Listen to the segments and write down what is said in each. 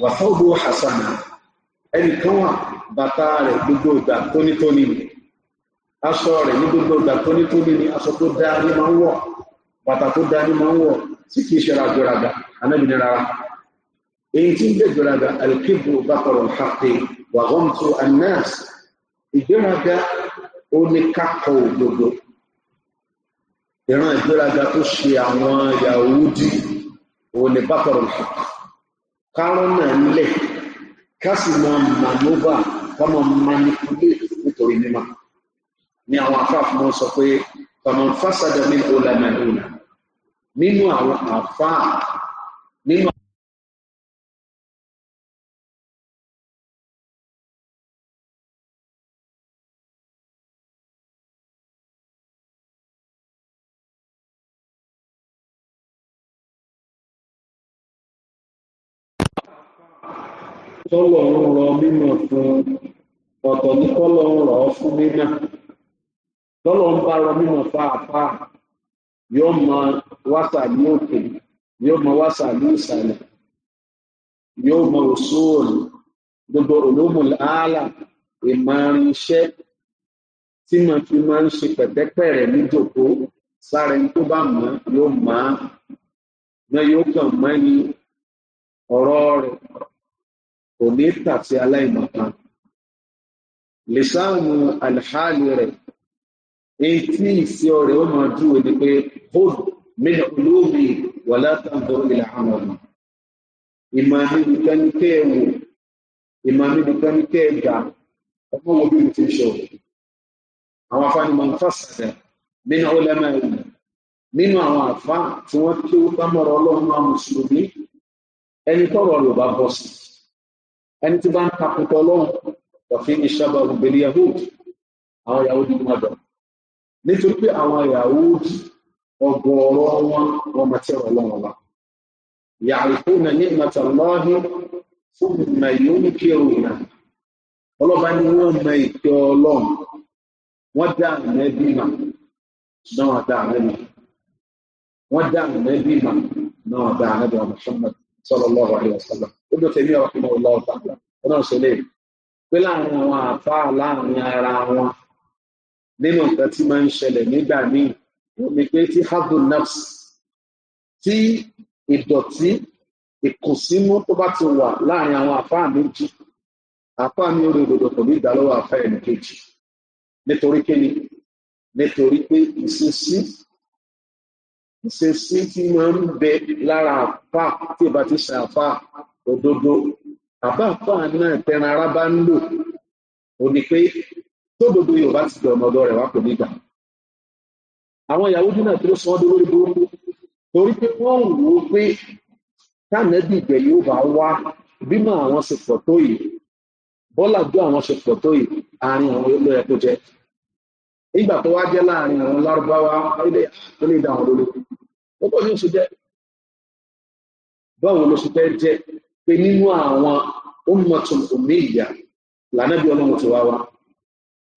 wàhóhó hasana ẹnìkan wà bàtà rẹ̀ gbogbo ìgbà tónítóní ni aṣọ rẹ̀ ní gbogbo ìgbà tónítóní ni aṣọ tó dáa ní máa ń wọ̀ bàtà tó dáa ní máa ń wọ̀ tí kìí ṣe ra gbéraga anábìnrin rárá èyí tí ń gbé gbéraga alkibru bàtọrọ hàpẹ wàhóntù anas ìgbéraga ó òdodo ìran ìgbéraga tó ṣe àwọn Yahudi òun ní bàtọrọ kárọ́nà ńlẹ̀ ká sì máa manova ká máa manipulate nítorí mímọ́ ni àwọn afáàfin wọn sọ pé tọmọ fásádà mi ò nínú àwọn àfáà nínú tọlọ ń rọ mímọ̀ fún ọtọ ní tọ́lọ̀ ń rọ̀ fún mímọ̀ tọ́lọ̀ bá rọ mímọ̀ fáafáà yóò mọ wásà ní òkè yóò mọ wásà ní ìsàlẹ̀ yóò mọ gbogbo tí mo fi máa ń ṣe níjòkó sára kò ní tà sí aláìmọ̀kan lèṣáàmù àlìhálì rẹ̀ etí ìsí ọ̀rẹ́ ó máa dúró ni pé hold mílẹ̀ olómi wà látàndọ̀ ilẹ̀ àwọn ọmọ ìmọ̀ níbi kẹ́nikẹ́ wò ìmọ̀ níbi kẹ́nikẹ́ gbà ọmọ wo bí mo ti ṣe ọ̀rọ̀ àwọn afáàní máa ń fàṣàṣẹ nínú ọlẹ́mọ̀ ẹ̀rù nínú àwọn àfáà tí wọ́n kí ó bá mọ̀rọ̀ ọlọ́run máa mùsùlùmí ẹni tọrọ ló bá bọ́ sí i. ẹni tí bá ń takùtọ̀ lọ́hùn ọ̀fin ìṣàbà àwọn nítorí pé àwọn ọgọ́ọ̀rọ̀ wọn wọn máa lọ́wọ́ wa ya'rifuna ni'mata Allahi thumma yunkirunaha ọlọ́ba ni wọ́n mọ ìpè ọlọ́run wọ́n dá àmẹ́bí mà náà dá ó dọ̀ tẹ̀lé ọkùnrin ọ̀la ọ̀tà ọlọ́run sọ lẹ́yìn pé láàrin àwọn àfáà láàrin ara wọn nínú nǹkan tí máa ń ṣẹlẹ̀ nígbà míì ó ní pé tí hadun nafs tí ìdọ̀tí ìkùnsínú tó bá ti wà láàrin àwọn àfáà méjì àfáà ní orí òdòdó kò ìdálọ́wọ́ àfáà ẹnì kejì nítorí kíni nítorí pé ìṣesí ìṣesí tí máa ń bẹ lára àfáà tí ìbá ti ṣe àfáà òdodo àbá àfáà náà tẹran ara bá ń lò ó ní pé ti di rẹ wá kò ní gbà àwọn ìyàwó dínà náà sọ torí pé wọn wò ó pé kánẹbì ìgbẹ yóò bá wá bímọ àwọn ṣe pọ̀ tó yìí àwọn ṣe pọ̀ tó yìí àárín àwọn ìgbà tó wá pé nínú àwọn ummatun ummiya lànàbí ọlọ́run ti wá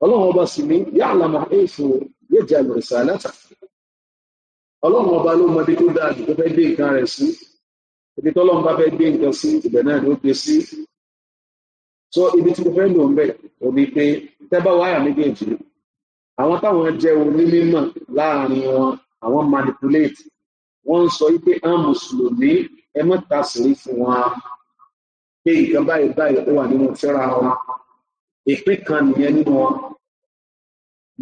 ọlọ́run ọba sì ní ya'lamu haythu yaj'alu risalatahu ọlọ́run ọba ló tó dáa tó fẹ́ gbé nǹkan rẹ̀ sí ibi tọ́lọ́run bá fẹ́ gbé nǹkan sí ibẹ̀ náà ló gbé sí so ibi tí mo fẹ́ lò ń bẹ̀ ò pé tẹ́bá wáyà méjèèjì àwọn táwọn jẹ́ láàrin wọn àwọn manipulate sọ àwọn mùsùlùmí ẹ mọ́ta sí pé nǹkan báyìí báyìí ó wà nínú tírà wọn ìpín kan nìyẹn nínú wọn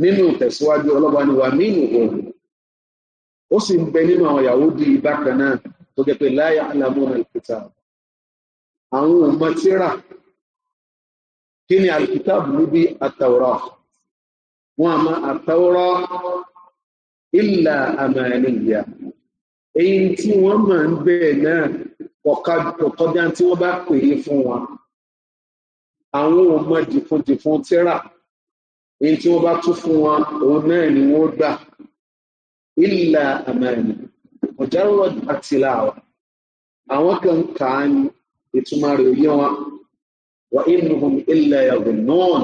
nínú tẹ̀síwájú ọlọ́ba ni wà nínú òun ó sì ń bẹ nínú àwọn Yahudi bákan náà tó jẹ́ pé la ya'lamuna al àwọn ọmọ kí ni wọn èyí tí máa ń kọ̀kọ́dá tí wọ́n bá pè é fún wọn àwọn ò mọ dìfundìfun tíra èyí tí wọ́n bá tún fún wọn òun náà ni wọ́n gbà ilà àmàlì ọ̀járó àtìlà wa àwọn kan kà á ní ìtumọ̀ rẹ̀ yé wọn wà innahum ilà yazunnun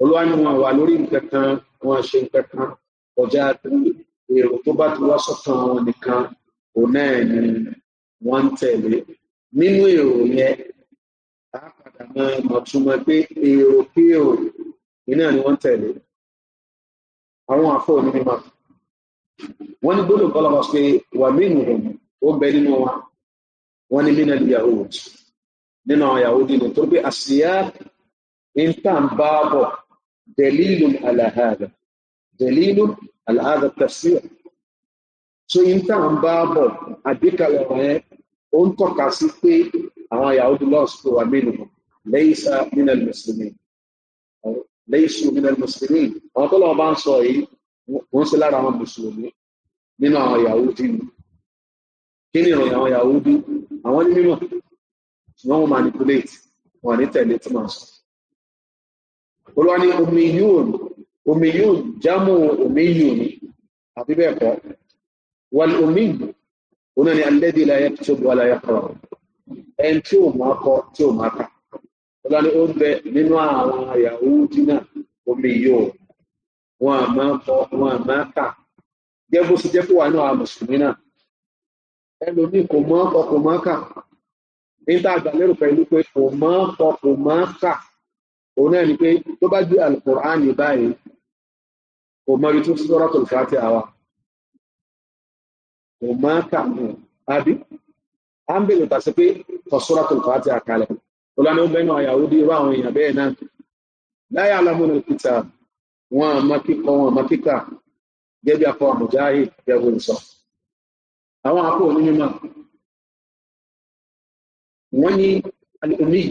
olúwa ni wọn wà lórí nǹkan wọn ṣe nǹkan kan ọjà èrò tó bá ti wá sọ́kàn wọn nìkan òun náà ni wọ́n ń tẹ̀lé nínú èrò yẹn á padà máa mọ̀ túmọ̀ pé èrò kí èrò iná ni wọ́n ń tẹ̀lé àwọn àfọ onímọ̀ wọ́n ní gbọ́dọ̀ kọ́lọ́ wọn pé wà mínú ó bẹ nínú wa wọ́n ní mínú Yahudi nínú àwọn Yahudi ni tó pé àṣìyá انتم بابه دليل على هذا دليل so yín tá à ń bá bọ̀ àgbékalẹ̀ ọ̀rọ̀ yẹn ó ń tọ́ka sí pé àwọn Yahudi lọ́ọ̀sì tó wà mélòó laysa minal muslimin laysu minal muslimin àwọn tó lọ́wọ́ bá ń sọ yìí wọ́n ṣe lára àwọn mùsùlùmí nínú àwọn Yahudi ni kí ni ìròyìn àwọn Yahudi àwọn ní mímọ̀ ṣùgbọ́n wọ́n manipulate wọn ní tẹ̀lé tí màá sọ. olúwa omi yóò omi yóò jámù omi yóò ni àbí wal ummi òun náà ni alladhi la yaktubu wa la yaqra ẹni tí ò máa kọ tí ò máa kà ọlá ni ó ń bẹ nínú àwọn Yahudi náà omi yóò wọn à máa kọ wọn à máa kà jẹ́ bó ṣe jẹ́ kó wà náà àwọn mùsùlùmí náà ẹlòmí kò mọ̀ ọkọ kò mọ̀ kà níta àgbàlérò pẹ̀lú pé kò mọ̀ ọkọ kò mọ̀ kà òun náà ni pé tó bá gbé Al-Qur'ani báyìí kò mọ̀ ibi tó ti sọ̀rọ̀ tó ti àwa wọ́n máa kà mú àbí à ń bèèrè tàṣí pé kọ̀sọ́rọ̀ tó kọ́ àti àkàlẹ̀ ọlọ́ni ó bẹ́nu àyàwó dé irú àwọn èèyàn bẹ́ẹ̀ náà láyé alámúnà kìtà wọn àmọ́ kíkọ wọn àmọ́ kíkà gẹ́gẹ́ afọ àmùjáhì gẹ́gẹ́ ìsọ àwọn akọ onímọ̀ wọ́n ní omiyi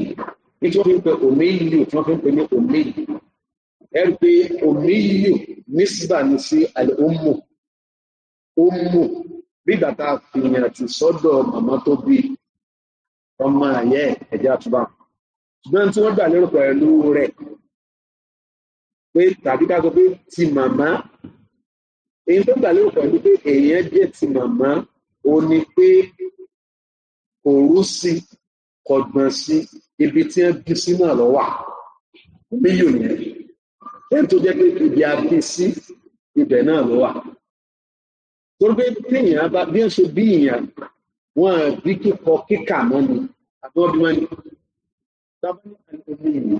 ní tí wọ́n fi ń pe omiyi tí wọ́n fi ń pe ní omiyi ẹ̀rí pé omiyi nísìbà ní sí àlẹ́ ọmọ ọmọ bí ìgbà tá a fìyàn ti sọ́dọ̀ màmá tó bí ọmọ àyẹ́ ẹ̀jẹ̀ àtúbà ṣùgbọ́n tí wọ́n gbà lérò pẹ̀lú rẹ̀ pé tàbí ká sọ pé ti màmá èyí tó gbà lérò pẹ̀lú pé èèyàn jẹ́ ti màmá ó ní pé kò rú sí kọ̀gbọ̀n sí ibi tí wọ́n bí sí náà mílíọ̀nù yẹn tó jẹ́ pé ibi a bí sí ibẹ̀ náà lọ́wà torí pé téèyàn bá bí ẹ̀sùn bí èèyàn wọn bí kíkọ kíkà mọ́ ni àbí wọ́n bí wọ́n ní. tábìlì àti ìlú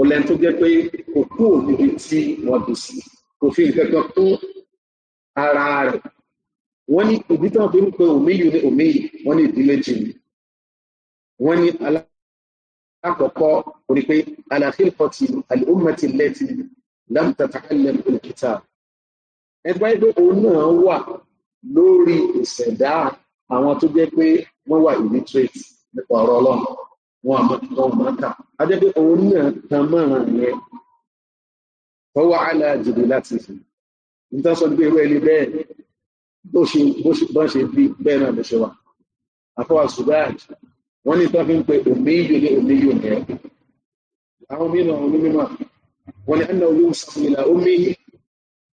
ọ̀lẹ́ tó jẹ́ pé kò kú òbí tí wọ́n bí sí kò fi nǹkan kan kún ara rẹ̀ wọ́n ní òbí tí wọ́n fi ń pe òmíyù ní òmíyù wọ́n ní ìdílé jìnnì wọ́n ní alákọ̀ọ́kọ́ orí pé àlàfíà kọ́tì àlùmọ̀tì lẹ́tì lámtàtàkàlẹ̀ òkìtà ẹgbẹ́ ìgbé náà wà lórí ìṣẹ̀dá àwọn tó jẹ́ pé wọ́n wà illiterate nípa ọ̀rọ̀ ọlọ́run wọn àmọ́ wọn kà á jẹ́ pé òun náà tan mọ́ràn yẹn fọwọ́ aláàjìdè láti fi nítorí sọ pé irú ẹni bẹ́ẹ̀ bó ṣe bó ṣe bí bẹ́ẹ̀ náà ló ṣe wà àfọwà sudan wọ́n ní tọ́fí ń pe òmíyò ní òmíyò ní ẹ̀ àwọn mìíràn àwọn onímọ̀ wọ́n ní ẹ̀nà olóhùn sàmìlà omi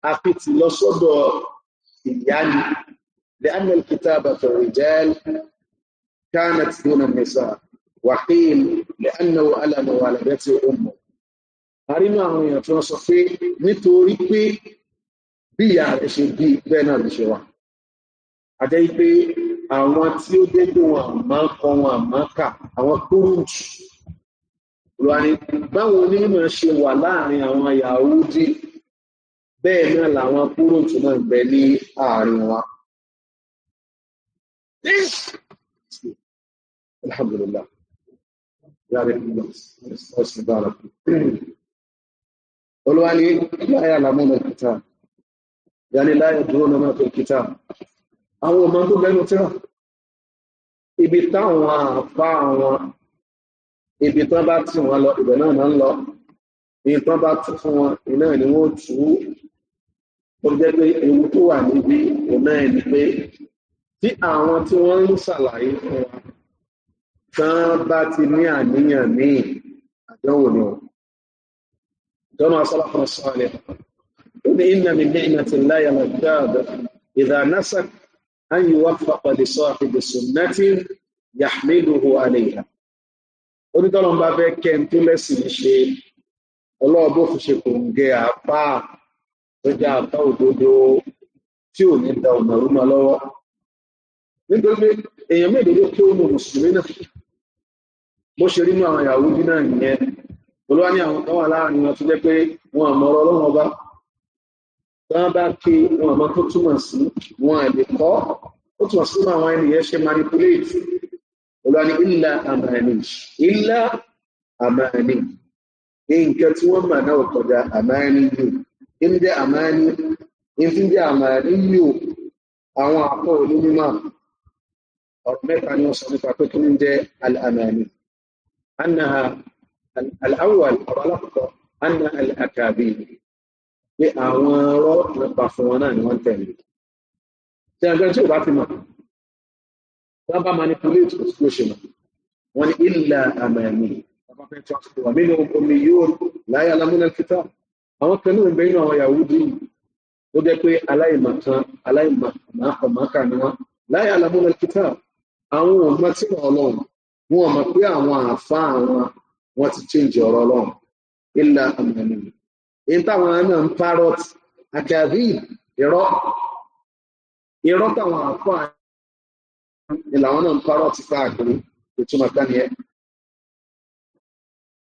àfi tì lọ sọ́dọ̀ يعني لأن الكتابة في الرجال كانت دون النساء وقيل لأنه على مولدته أمه àrínú àwọn èèyàn tí wọ́n sọ pé nítorí pé bí ìyá rẹ̀ ṣe bí bẹ́ẹ̀ náà ló ṣe wà àjẹ́ pé àwọn tí ó dégbò wọn àmọ́ kan wọn àmọ́ kà àwọn kúrú jù lọ́wọ́ ni báwọn onímọ̀ ṣe wà láàrin àwọn Yahudi bẹ́ẹ̀ náà làwọn kúròtù náà bẹ ní àárín wa. Alhamdulillah. Olúwa ni láyé àlàmúnà kìtà, yàní láyé dúró lọ́mọ́ tó kìtà. Àwọn ọmọ tó bẹ́nu tíra, ibi táwọn àfá àwọn, ibi tán bá tí wọ́n lọ, ibẹ̀ náà máa ń lọ, ibi tán bá tún fún wọn, iná ni wọ́n tún tó jẹ́ pé ewu tó wà níbi ọ̀nà ẹ̀ ni pé tí àwọn tí wọ́n ń ṣàlàyé fún wa tán bá ti ní àníyàn míì àdánwò ni wọn. Jọ́nà Asọ́láfọ́ sọ́ọ̀lẹ̀. Ó ní iná mi ní iná ti láyà lọ dáadọ́. Ìdá násà án yìí wá papọ̀ lè sọ àfihàn sunnati yahmiluhu alayha. Onítọ́lọ́mbà fẹ́ kẹ́ ń tó lẹ́sìn ṣe ọlọ́ọ̀bọ̀ fi ṣe kò ń gẹ àpá tó jẹ́ àfá òdodo tí ò ní da ọ̀nà rúmọ lọ́wọ́ nítorí pé èèyàn méje ló kí ó mú mùsùlùmí náà bó ṣe rí mú àwọn ìyàwó bí náà nìyẹn olúwa ní àwọn kan wà láàrin wọn tó jẹ́ pé wọn àmọ́ ọ̀rọ̀ ọlọ́run ọba wọn bá ké wọn àmọ́ tó túmọ̀ sí wọn àlè kọ́ ó túmọ̀ sí wọn àwọn ènìyàn ṣe manipulate olúwa ní ilà àmàlì ilà àmàlì ní nǹkan tí wọ́n mà náà kọjá àmàlì yìí ń jẹ́ àmáyání ń tí ń jẹ́ àmáyání yíò àwọn àpọ̀ olómímọ̀ ọ̀rọ̀ mẹ́ta ni wọ́n sọ nípa pé kí ń jẹ́ al'amáyání annaha al'awwal ọ̀rọ̀ alákọ̀ọ́ anna al'akabi pé àwọn ọ̀rọ̀ nípa fún wọn náà ni wọ́n tẹ̀lé tí a gbẹ́ tí ò bá ti mọ̀ wọ́n bá manipulate situation wọ́n ni illa àmáyání wọ́n bá fẹ́ tó àṣùkò wà nínú omi yóò láyé alámúnà kìtọ́ àwọn kan náà ń bẹ nínú àwọn Yahudi yìí ó jẹ́ pé aláìmọ̀kan aláìmọ̀kàmákà ni wọ́n láyé alamúnà kíta àwọn ọmọ tí wọ́n ọlọ́run wọ́n mọ̀ pé àwọn àfa àwọn ti change ọ̀rọ̀ lọ ilà àmàlù èyí táwọn náà ń parrot àkàbí irọ́ irọ́ táwọn àfa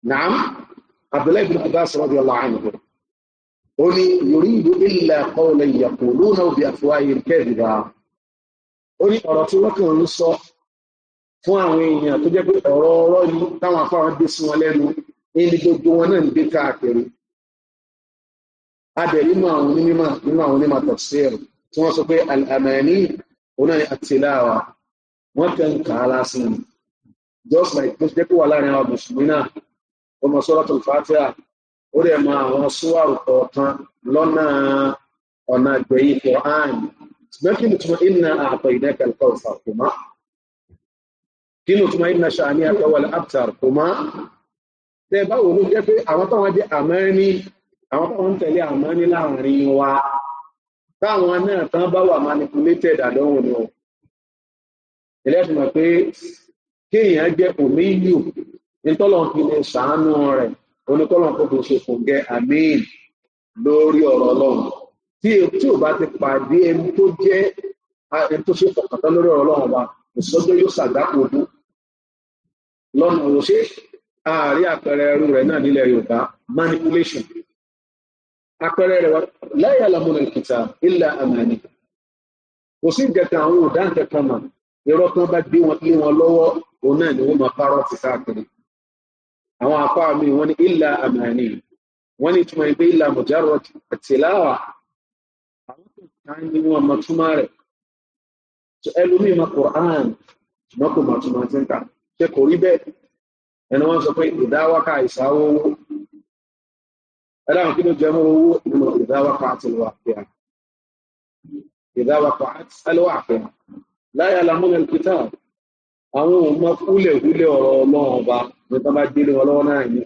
náà ń Abdullahi bin Abbas ó ní yuridu illa qawlan yaquluna bi afwahihim kadhiba ó ní ọ̀rọ̀ tí wọ́n kàn ń sọ fún àwọn èèyàn tó jẹ́ pé ọ̀rọ̀ ọ̀rọ̀ ni táwọn afáwọn gbé sí wọn lẹ́nu ní gbogbo wọn náà ń gbé káàkiri adẹ̀ nínú àwọn onímọ̀ nínú àwọn onímọ̀ tafsir tí wọ́n sọ pé al-amani oná ni àtìláwà wọ́n kẹ́ ń kà á lásán just like tó jẹ́ pé wà láàrin àwọn mùsùlùmí náà ọmọ suratul Fatiha ó rẹ̀ mọ àwọn súwárù kọ̀ọ̀kan lọ́nà ọ̀nà gbẹ̀yìn Quran ṣùgbọ́n kí ni túmọ̀ inna a'tainaka al-kawthar kùmá kí ni túmọ̀ inna sha'niyaka wal-abtar kùmá tẹ báwo ló jẹ́ pé àwọn táwọn jẹ́ àmẹ́ni àwọn táwọn ń tẹ̀lé àmẹ́ni láàrin wa táwọn náà tán bá wà manipulated àdánwò ni o ẹlẹ́sìn mọ̀ pé kéèyàn jẹ́ òmíyù nítọ́lọ́ fi ṣàánú rẹ̀ oníkọ́lọ́n kó fún ṣe fún gẹ́ àmín lórí ọ̀rọ̀ ọlọ́run tí tí ò bá ti pàdé ẹni tó jẹ́ ẹni tó ṣe fọkàntán lórí ọ̀rọ̀ ọlọ́run wa ìsọjọ́ yóò ṣàgbápò ojú lọ́nà òṣè ààrí àpẹẹrẹ ẹrú rẹ̀ náà nílẹ̀ Yorùbá manipulation àpẹẹrẹ rẹ̀ wá lẹ́yìn alamọ́nà ìkìtà ilẹ̀ àmàlẹ́ kò sí ìgẹ̀kẹ̀ àwọn òdáǹkẹ̀kẹ̀ mọ̀ ìrọ̀ kan bá gbé wọn lé wọn lọ́wọ́ òun náà ni wọ́n máa parọ́ ti káàkiri àwọn apá mi wọ́n ní ilà àmàní wọ́n ní túmọ̀ ẹgbẹ́ ilà mọ̀járọ̀ àtìláwà àwọn tó ká ní wọn mọ̀ túmọ̀ rẹ̀ tó ẹlòmíì mọ̀ Qur'an ṣùgbọ́n kò mọ̀ túmọ̀ ti ń kà ṣe kò rí bẹ́ẹ̀ ẹni wọ́n sọ pé ìdáwákà ìsáwó owó ẹ̀dá kí ló jẹ́ mọ́ owó ìmọ̀ ìdáwákà àti ìwà àfihàn ìdáwákà àti ìwà àfihàn láyé alamúnà kìtàbù àwọn ò kúlẹ̀kúlẹ̀ ọ̀rọ̀ ọlọ́run ọba ní tó bá délé wọn lọ́wọ́ náà yìí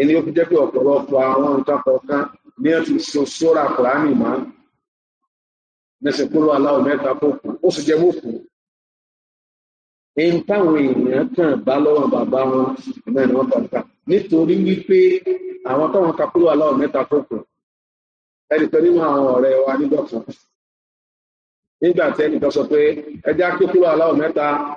ẹni ó fi jẹ́ pé ọ̀pọ̀lọpọ̀ àwọn nǹkan ní ẹ̀ tún so sóra kùránì mọ́ nẹsẹ̀ kúrò aláwọ̀ mẹ́ta kó kù ó sì jẹ́ ẹni táwọn èèyàn kàn bá lọ́wọ́ bàbá wọn wọ́n kàn kà nítorí wípé àwọn táwọn kúrò aláwọ̀ mẹ́ta kù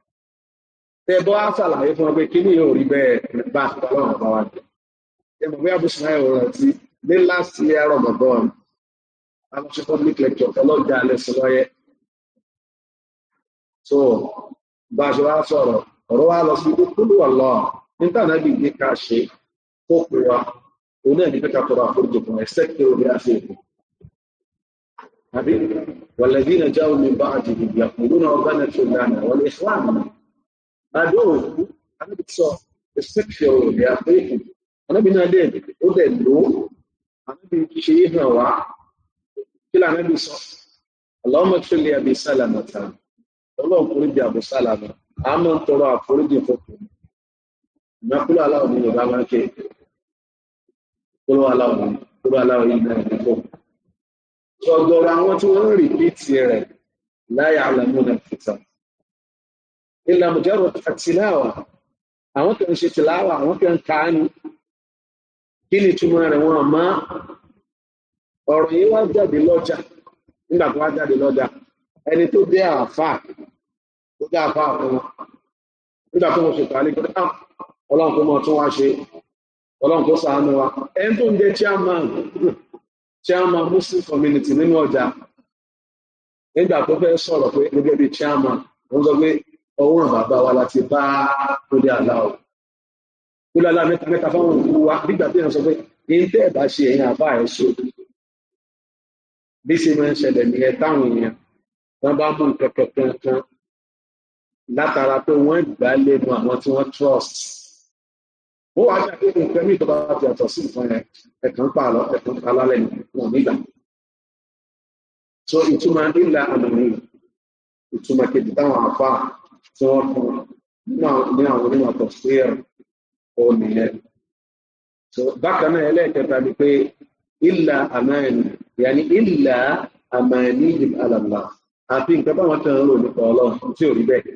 tẹ bọ́ á ṣàlàyé fún ọ pé kíní yóò rí bẹ́ẹ̀ bá a lọ́wọ́ bá wa jẹ. ẹ mọ̀ bí abúṣe náà yóò rántí ní last year Ramadan abúṣe public lecture ọlọ́jà alẹ́ sí lọ́yẹ. so bá a ṣe wá sọ̀rọ̀ ọ̀rọ̀ wa lọ sí ibi kúlù ọ̀lọ́ níta náà bí ká ṣe kó pè wá òun náà ní pé ká tọrọ àforíjì fún ẹ sẹ́kẹ̀ orí àṣẹ ìbò. àbí wàlẹ́dínà jáwé mi bá àjèjì yàtọ̀ lónà náà tó àdóhùn àbí sọ restriction rẹ̀ àpéjì ànábì náà dẹ̀ ó dẹ̀ lò ó ànábì ṣe é hàn wá kí lóò ànábì sọ Allahumma ghfir li Abi Salama ta ọlọ́run kò níbi Abu Salama àmọ́ ń tọrọ àforíjì fọ́pọ̀ ìnákúlò aláwọ̀ ní yorùbá máa ń ké kúrò aláwọ̀ ní kúrò aláwọ̀ yìí náà ní fọ́ ọgọ́rọ̀ àwọn tí wọ́n ń rìpíìtì rẹ̀ láyà àlàmú náà fìtàn ìlà mujarrad àtìláwà àwọn kan ṣe tìláwà àwọn kan kàánù kí ni túmọ̀ rẹ̀ wọn mọ́ ọ̀rọ̀ yìí wá jáde lọ́jà nígbà tó wá jáde lọ́jà ẹni tó dé àfà tó dé àfà ẹni tó chairman chairman muslim community ọwọ́n bàbá wa láti bá lórí aláwọ̀ lórí aláwọ̀ mẹ́ta mẹ́ta fáwọn òkú wa nígbà tí wọ́n sọ pé ní tẹ́ ẹ̀ bá ṣe ẹ̀yìn àbá ẹ̀ ṣe bí ṣe máa ń ṣẹlẹ̀ nìyẹn táwọn èèyàn wọ́n bá mú nǹkan kankan kan látara pé wọ́n gbà lẹ́nu àwọn tí wọ́n trust ó wàá gbà pé nǹkan mí ìjọba ti yàtọ̀ sí nǹkan yẹn ẹ̀kan pa àlọ́ ẹ̀kan pa alálẹ̀ nígbà so ìtumọ̀ tí wọ́n kọ ní àwọn onímọ̀ tafsir a nìyẹn. bákan náà ẹlẹ́ẹ̀kẹta ni pé ìlà àmánì yàní ìlà àmánì ala Allah àfi nǹkan báwọn kan ń rò nípa ọlọ́run a ò rí bẹ́ẹ̀.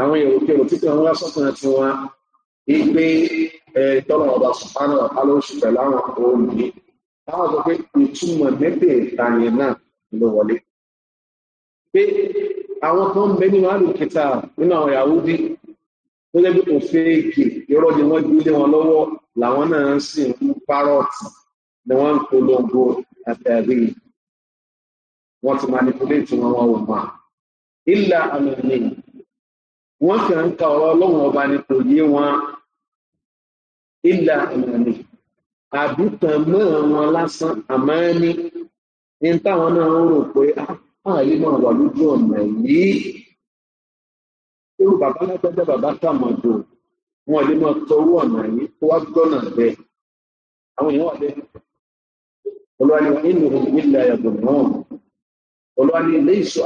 àwọn èrò kèrò tí kan wá sọ́kàn tí wọ́n àwọn kan ń bẹ nínú àlùkìtà nínú àwọn Yahudi tó jẹ́ bí fẹ́ èkè irọ́ ni wọ́n gbélé wọn lọ́wọ́ làwọn náà ń sìn ń párọ̀tì ni wọ́n ń polongo àtàrí wọ́n ti manipulate wọn wọn ò mọ̀ ilà àmì wọ́n kàn ń ka ọ̀rọ̀ ọlọ́run ọba ni kò yé wọn ilà àmì mọ́ wọn lásán àmọ́ ní táwọn náà ń rò pé ah, káwọn ilé náà wà ọ̀nà yìí irú bàbá lágbájá bàbá sàmọ̀dò wọn lè ọ̀nà yìí wá gbọ́nà bẹ́ẹ̀ àwọn èèyàn wà bẹ́ẹ̀ olúwa ni nínú ìlà náà ilé ìṣó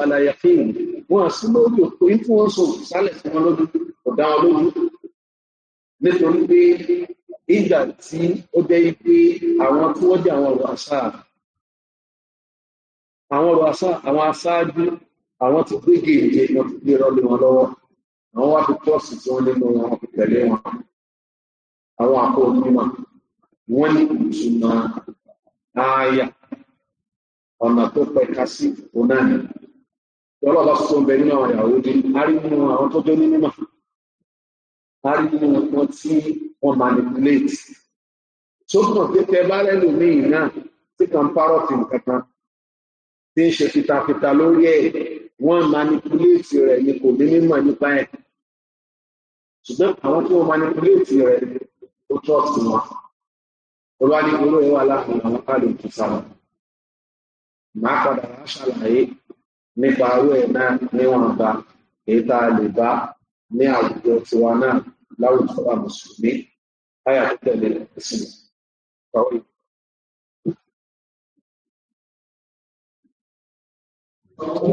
wọn lórí òkú wọn sọ sálẹ̀ fún wọn lójú ọ̀dà wọn lójú nítorí pé ìgbà tí ó jẹ́ àwọn ọ̀rọ̀ asá àwọn aṣáájú àwọn ti gbé gèèjè wọn ti gbé rọlé wọn lọ́wọ́ àwọn wá fi pọ́ọ̀sì tí wọ́n nínú wọn fi tẹ̀lé wọn àwọn àpò onímọ̀ wọ́n ní ìtumọ̀ ààyà ọ̀nà tó pẹ̀ka sí onáni ọlọ́ọ̀bá sọ bẹ nínú àwọn ìyàwó dé arí nínú àwọn tó jẹ́ onímọ̀ arí nínú wọn tí wọ́n manipulate tó kàn pé tẹ bá rẹ́ lòmíì náà tí kàn párọ̀ tì nǹkan kan tí ń ṣe fitafita lórí ẹ̀ wọ́n manipuléètì rẹ̀ ni kò ní mímọ̀ nípa ẹ̀ ṣùgbọ́n àwọn tí wọ́n manipuléètì rẹ̀ ó trọ́ọ̀tì wọn ó bá ní irú ẹ̀ wà láàrin àwọn káàdì ìtúsà wọn màá padà wá ṣàlàyé nípa arú ẹ̀ náà níwọ̀nba èyí tá a lè bá ní àwùjọ tiwa náà láwùjọ àmùsùlùmí láyà tó tẹ̀lé ẹ̀sìn ìgbà wọ̀nyí. Thank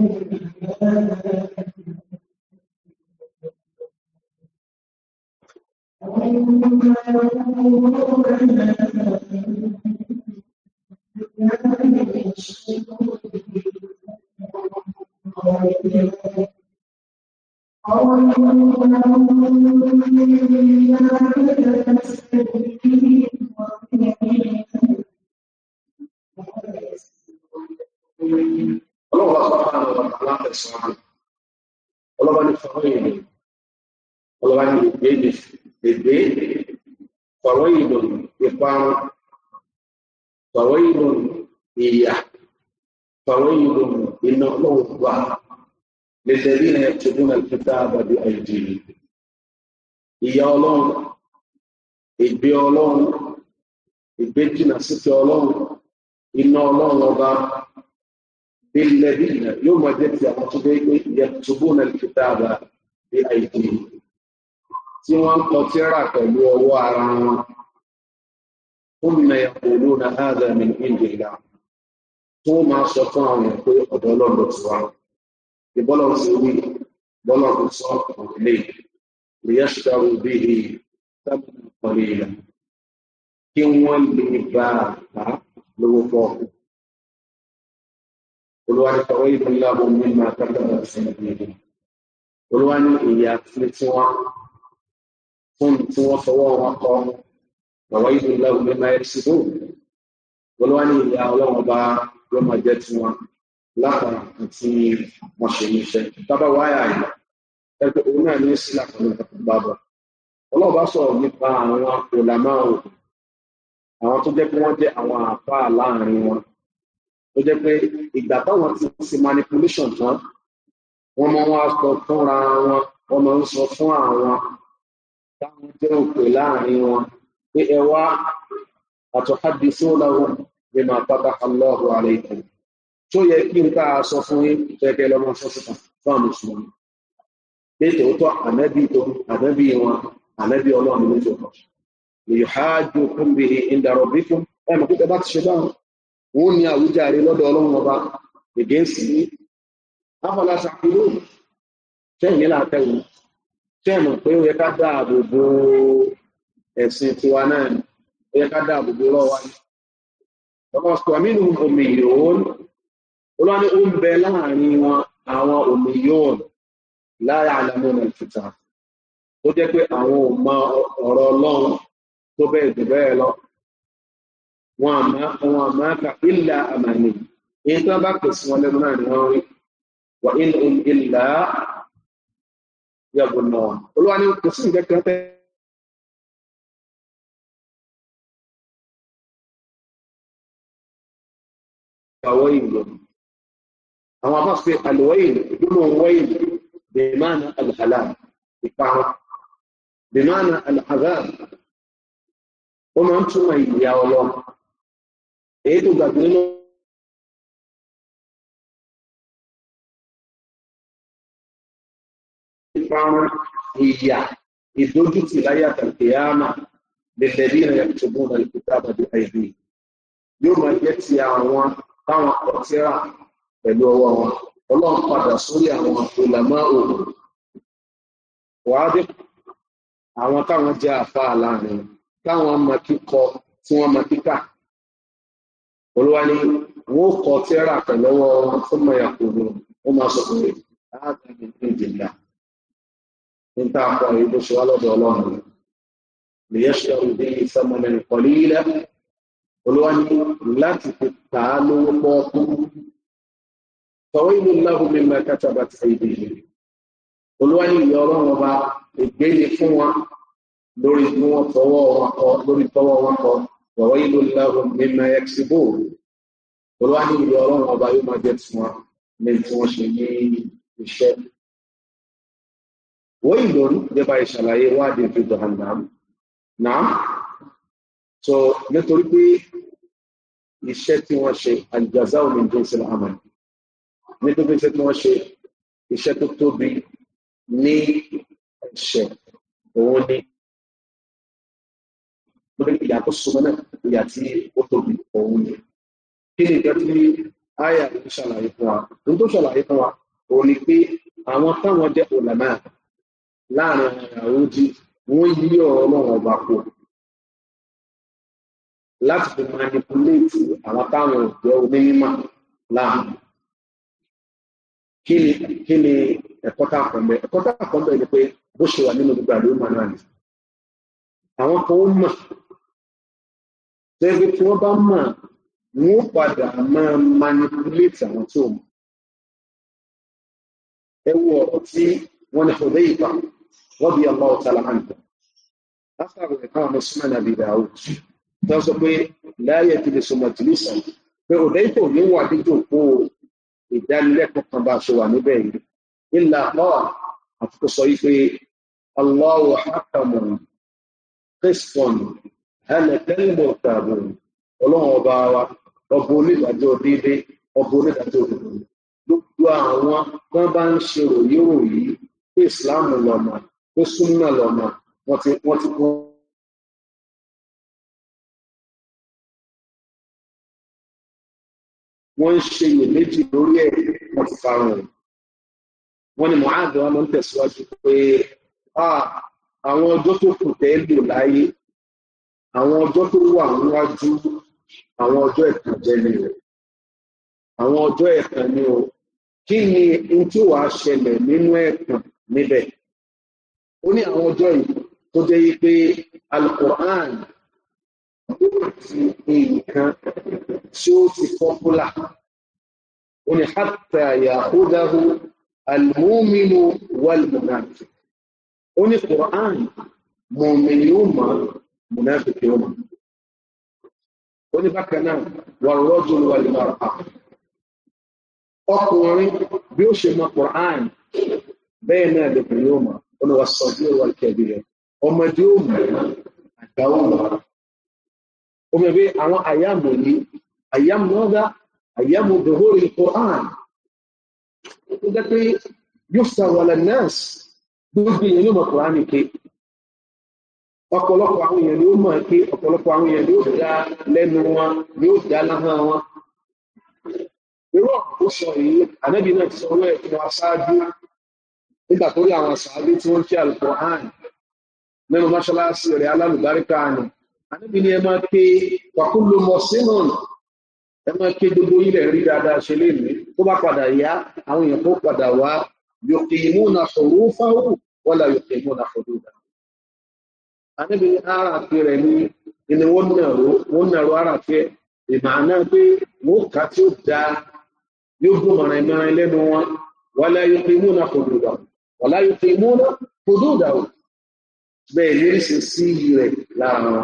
you. الذين يكتبون الكتاب بأيديهم ìyà ọlọ́run ìgbé ọlọ́run ìgbé jìnà síkẹ ọlọ́run iná ọlọ́run ọba billadina yóò máa jẹ́ ti àwọn tó dé pé yaktubuna alkitaba bi aydihim tí wọ́n ń kọ tírà pẹ̀lú ọwọ́ ara wọn thumma yaquluna hadha min indillah tó máa sọ fún àwọn pé ọ̀dọ̀ ọlọ́run ti wá ببلغ سوي بلغ صاحب إليه ليشتروا به ثمنا قليلا kí wọ́n lè bá a ta lówó pọ́ọ̀kù. Olúwa ní kọ̀wé ìpínlẹ̀ ọ̀hún ní máa kábàbà sí ìgbìyànjú. Olúwa ní ìyá fún tí wọ́n fún tí wọ́n fọwọ́ wọn kọ́ kọ̀wé látara àti wọn ṣe ní iṣẹ́ tábà wáyà ìlà ẹgbẹ́ òun náà ní sílà kan náà tó bá bọ̀ ọlọ́ọ̀bá sọ̀rọ̀ nípa àwọn òlàmá òògùn àwọn tó jẹ́ pé wọ́n jẹ́ àwọn àfa láàrin wọn tó jẹ́ pé ìgbà táwọn ti ṣe manipulation tán wọ́n máa wá sọ fúnra wọn wọ́n máa ń sọ fún àwọn táwọn jẹ́ òpè láàrin wọn pé ẹ wá àtọ̀hádìí sí òlàwọ̀ bí màá pátákà lọ́ọ̀rọ̀ àlẹ́ ìkànnì. tó yẹ kí n ká sọ fún yín tẹ́kẹ́ lọ́mọ sọ́sùkà fún àwọn pé tòótọ́ ànábì tó ànábì wọn ànábì ọlọ́run ní tòótọ́ lèyìn hájú kúmbi ìdàrọ̀ bí fún ẹ mọ̀ pípẹ́ bá ti ṣe báwọn wọn ní àwùjáre lọ́dọ̀ ọlọ́run ọba ń ní mọ̀ pé ó yẹ ká bo ẹ̀sìn tiwa náà ó yẹ ká bo lọ́wọ́ àmínú olóhùn ó ń bẹ láàrin wọn àwọn òmì yóò lára àlámọ́ nàìjíríà ó jẹ́ pé àwọn ò mọ ọ̀rọ̀ ọlọ́run tó bẹ́ẹ̀ jù bẹ́ẹ̀ lọ wọn àmọ́ ká ilà àmàlẹ́ èyí tó bá pèsè wọn lẹ́nu náà ni wọ́n rí wà nínú ilà yàgò náà kò sí nǹkan kan tẹ́. Àwọn أما تصديق الويل يقول ويل بمعنى الهلاك بكعب بمعنى العذاب وما أنتم يا الله إيه تقدمون هي الدرجة في القيامة للذين يكتبون الكتاب بأيديهم يوم يأتي عنوان قام قصيرا pẹ̀lú ọwọ́ wọn ọlọ́run padà sórí àwọn olàmọ́ òòrùn wàádé àwọn táwọn jẹ́ àfa àlàrin táwọn máa kíkọ tí wọ́n máa kíkà olúwa ni wọ́n kọ tẹ́rà pẹ̀lú ọwọ́ wọn wọ́n máa sọ pé láàbí ní ìdìlá ní tá a kọ èyí tó ṣe wá lọ́dọ̀ ọlọ́run tọwọ́ ìlú láhùn mi máa kàtà bá ti ṣèdè yìí olúwa ní ìyá ọlọ́run ọba ègbé ni fún wa lórí bí wọ́n tọwọ́ wọn kọ lórí tọwọ́ wọn kọ tọwọ́ ìlú láhùn mi máa ẹ̀kṣibó olúwa ní ìyá ọlọ́run ọba yóò máa jẹ́ tiwọn ní tí wọ́n ṣe ní iṣẹ́. wọ́n ìlú nípa ìṣàlàyé wádìí fi jahannam náà so nítorí pé iṣẹ́ tí wọ́n ṣe àjàzá òmìnira ìṣẹ̀lẹ̀ àmàlẹ́ nítorí iṣẹ́ tí wọ́n ṣe iṣẹ́ tó tóbi ní ẹ̀ṣẹ̀ òun ni lórí ìyá tó súnmọ́ náà ìyá tí ó tóbi òun ni kí ni ìjọ tí àyà tó ṣàlàyé fún wa ohun tó ṣàlàyé fún wa òun ni pé àwọn táwọn jẹ́ òlàmà láàrin àwọn ojú wọ́n dia ọ̀rọ̀ náà ọba kù láti fi manipulate àwọn táwọn ìjọ onímọ̀ láàrin kí ni kí ni ẹ̀kọ́ tá a kọ́ mbẹ́ ẹ̀kọ́ tá a kọ́ ni pé bó ṣe wà nínú gbogbo àdéhùn máa náà ni àwọn kan ó mọ̀ tẹ́gbẹ́ tí wọ́n bá mọ̀ wọ́n padà máa manipulate àwọn tó mọ̀ ẹ wo ọ̀rọ̀ tí wọ́n ní ọ̀dẹ́ ìpa wọ́n bí ọba ọ̀tá làǹtà látàrí ẹ̀ka àwọn súnmọ́ nàbí ìdáwó tó sọ pé láyé ti lè sọmọ tìlú sàn pé ọ̀dẹ́ ìpò ní wà dídò kó o. ìdánilẹ́kọ̀ọ́ kan bá ṣe wà níbẹ̀ yìí ilà náà àti kó sọ wípé Allahu kristian hẹnẹtẹnbọ tààbù Ọlọ́run ọba wa ọba onídàájọ́ déédéé ọba onídàájọ́ gbogbo àwọn bá ń ṣe Islam lọ́nà súnmọ́ lọ́nà wọ́n wọ́n ń ṣe iyèméjì lórí ẹ̀ wọ́n ti farun ẹ̀. wọ́n ní mohad wa máa ń tẹ̀síwájú pé àwọn ọjọ́ tó kù tẹ́ lò láyé àwọn ọjọ́ tó wà níwájú àwọn ọjọ́ ẹ̀tàn jẹ́ ni rẹ̀ àwọn ọjọ́ ẹ̀tàn ni o kí ni n tí wàá ṣẹlẹ̀ nínú ẹ̀tàn níbẹ̀ ó ní àwọn ọjọ́ yìí tó jẹ́ yí pé alukur'an ó ti nǹkan tí ó ti pọ́pùlà ó ní hàtà yàhúdáhù almúmínú wàlmùnáfì ó ní Qur'an mọ̀mìnì ó mọ̀ mùnáfì kí ó mọ̀ ó ní bákan náà wà rọ́jò wàlmùnáfì ọkùnrin bí ó ṣe mọ̀ Qur'an bẹ́ẹ̀ náà lóbìnrin ó mọ̀ ó ní wà sọ̀dí ó wà kẹ́bí rẹ̀ ọmọdé ó mọ̀ àgbà ó mọ̀ ó mọ̀ bí àwọn àyàmọ̀ yìí ايام ماذا؟ ايام ظهور القران التي يفسر ولا الناس gbogbo èèyàn ló mọ̀ kùránì ike. ọ̀pọ̀lọpọ̀ àwọn èèyàn ni ó ọ̀pọ̀lọpọ̀ àwọn èèyàn ni ó dá lẹ́nu wọn ni ó dá láhán wọn irú ọ̀pọ̀ sọ yìí náà ti fún nígbà tó rí ẹ máa ké gbogbo ilẹ̀ rí dáadáa ṣe léèmí tó bá padà yá àwọn èèyàn tó padà wá yòkè ìmú na sọ̀rọ̀ fáwọ́ wọ́n la yòkè ìmú na sọ̀rọ̀ dà. àníbi ara àti rẹ̀ ni ìní wọ́n nàró wọ́n nàró ara àti ẹ̀ pé wọ́n kà tí ó da yóò gbọ́ mọ̀ràn ìmọ̀ràn lẹ́nu wọn wọ́n yòkè ìmú na sọ̀rọ̀ dà wọ́n yòkè ìmú na sọ̀rọ̀ dà bẹ́ẹ̀ ní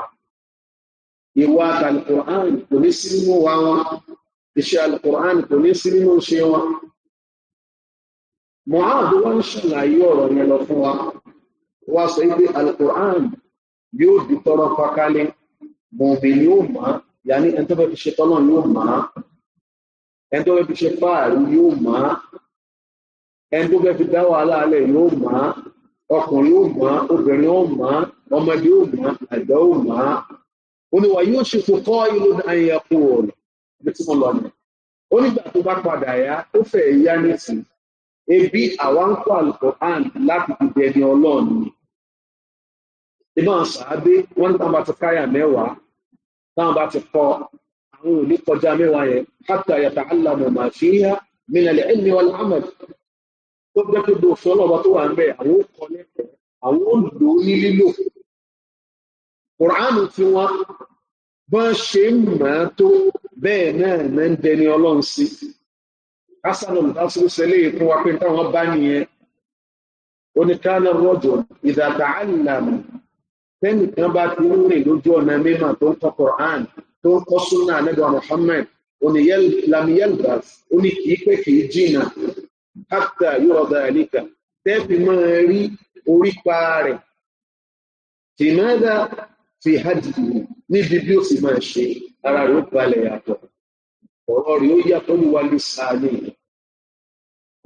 ìwà àtàlùkùrán kò ní sí nínú wa wọn iṣẹ́ alùkùrán kò ní sí nínú ṣe wọn mohamed wọ́n ń ṣàlàyé ọ̀rọ̀ yẹn lọ fún wa wá sọ pé alùkùrán yóò di tọrọ fakálẹ̀ bọ̀m̀bì ni ó mọ̀ yàní ẹni tó fẹ́ fi ṣe tọ́nà yóò mọ̀ ẹni tó fẹ́ fi ṣe fáàrí yóò mọ̀ ẹni tó fẹ́ fi dá wàhálà alẹ́ yóò mọ̀ ọkùnrin yóò mọ̀ obìnrin yóò mọ̀ ọmọdé yóò mọ̀ àgbà yóò mọ̀ oníwà yóò ṣe kó kọ́ ìlú àyẹ̀kù ọ̀nà bí tí wọ́n lọ ní. ó nígbà tó bá padà yá ó fẹ́ yá nìsí ebi àwa ń kó alukoran láti dìde ẹni ọlọ́run ni. iná sàábé wọ́n táwọn bá ti káyà mẹ́wàá táwọn bá ti kọ́ àwọn ò ní kọjá mẹ́wàá yẹn hatta yata'allamu ma fiha min al-ilmi wal-amal. tó gbẹ́ pé bó sọ́lọ́ọ̀bá tó wà ń bẹ̀ àwọn ò kọ́ lẹ́kọ̀ọ́ àwọn ò lò ó ní lílò Kùránù tí wọ́n bọ́ ṣe mma tó bẹ́ẹ̀ náà mẹ́ ń dẹni ọlọ́run sí. Kásánà lùdásílẹ̀ ìfún wa pé táwọn bá nìyẹn. Ó rọ́jò bá ti ń rìn lójú ọ̀nà mímọ̀ tó ń kọ́ Kùránù tó ń kọ́ kìí pé kìí yóò àlíkà. Tẹ́ẹ̀fì máa fi hádìí níbi bí ó sì máa ṣe ara rẹ̀ ó balẹ̀ yàtọ̀ ọ̀rọ̀ rẹ̀ ó yàtọ̀ ní wálé sáàlì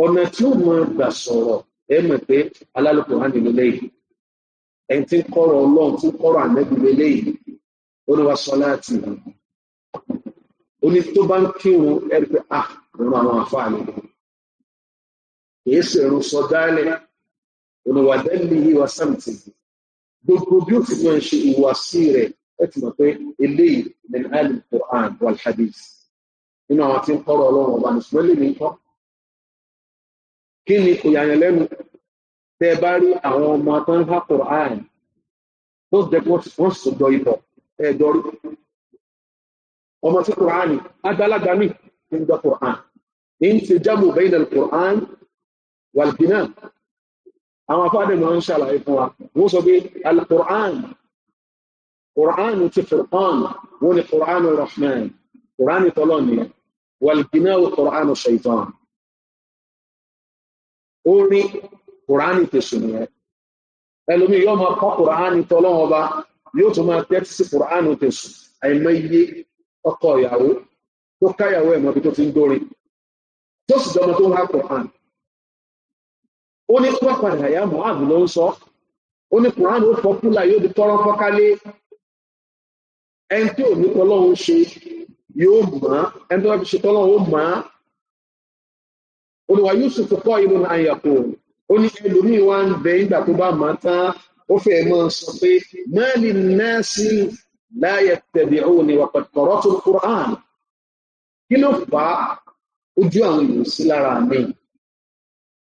ọ̀nà tí ó máa gbà sọ̀rọ̀ ẹ mọ̀ pé alálùkò hàn nínú lẹ́yìn ẹ̀ tí ń kọ́rọ̀ ọlọ́run tí ń kọ́rọ̀ ànẹ́bí lẹ́yìn ó ní wá sọ láti ìlú ó ní tó bá ń kírun ẹ pé à ìran àwọn àfáàní kì í sì rún sọ dálẹ̀ ó ní wà dẹ́lì yìí wá sáǹtì yìí gbogbo bí ó ti máa ṣe ìwàsí rẹ̀ ẹ ti mọ̀ pé eléyìí min alim quran wal hadith nínú àwọn tí ń kọ́rọ̀ ọlọ́run ọba nìṣúná lè ní kọ́ kí ni kò yàyàn lẹ́nu tẹ́ ẹ bá rí àwọn ọmọ tó ń ha quran tó jẹ́ pé wọ́n sì dọ ibọ̀ ẹ dọrí ọmọ tí quran agbálagbá mi ń gbọ́ quran ń ṣe jámù bayna al quran wal binan àwọn afáàdé máa ń ṣàlàyé fún wa wọ́n sọ pé alukur'an kur'an ti furqan wọ́n ni kur'an rahman kur'an tọ́lọ́ ni wàlùkìnà qur'an shaitan ó rí kur'an tẹ̀sùn yẹn ẹlòmí yóò máa kọ́ kur'an tọ́lọ́ ọba yóò tún máa tẹ́tí sí qur'an kur'an tẹ̀sùn àìmọye ọkọ ìyàwó tó káyàwó ẹ̀ ẹ̀mọ́bí tó ti ń dórin tó sì jọmọ tó ń ha qur'an. ó ní pọ́ padà yá mohab ló ń sọ ó ní quran ó pọ́pùlà yóò di tọ́rọ́ fọ́kálé ẹni tí ò ní tọ́lọ́hún ṣe yóò mọ̀ á ẹni tí wọ́n fi ṣe tọ́lọ́hún ó mọ̀ á olùwà yusuf kọ́ ìlú àyàpọ̀ ó ní ẹlòmíì wá ń bẹ nígbà tó bá mọ̀ á tán ó fẹ́ máa sọ pé mẹ́lì nẹ́ẹ̀sì láyẹ̀ tẹ̀lé òun ni wàpẹ̀ tọ̀rọ̀ tó quran kí ló fà á ojú àwọn èèyàn sí lára mi.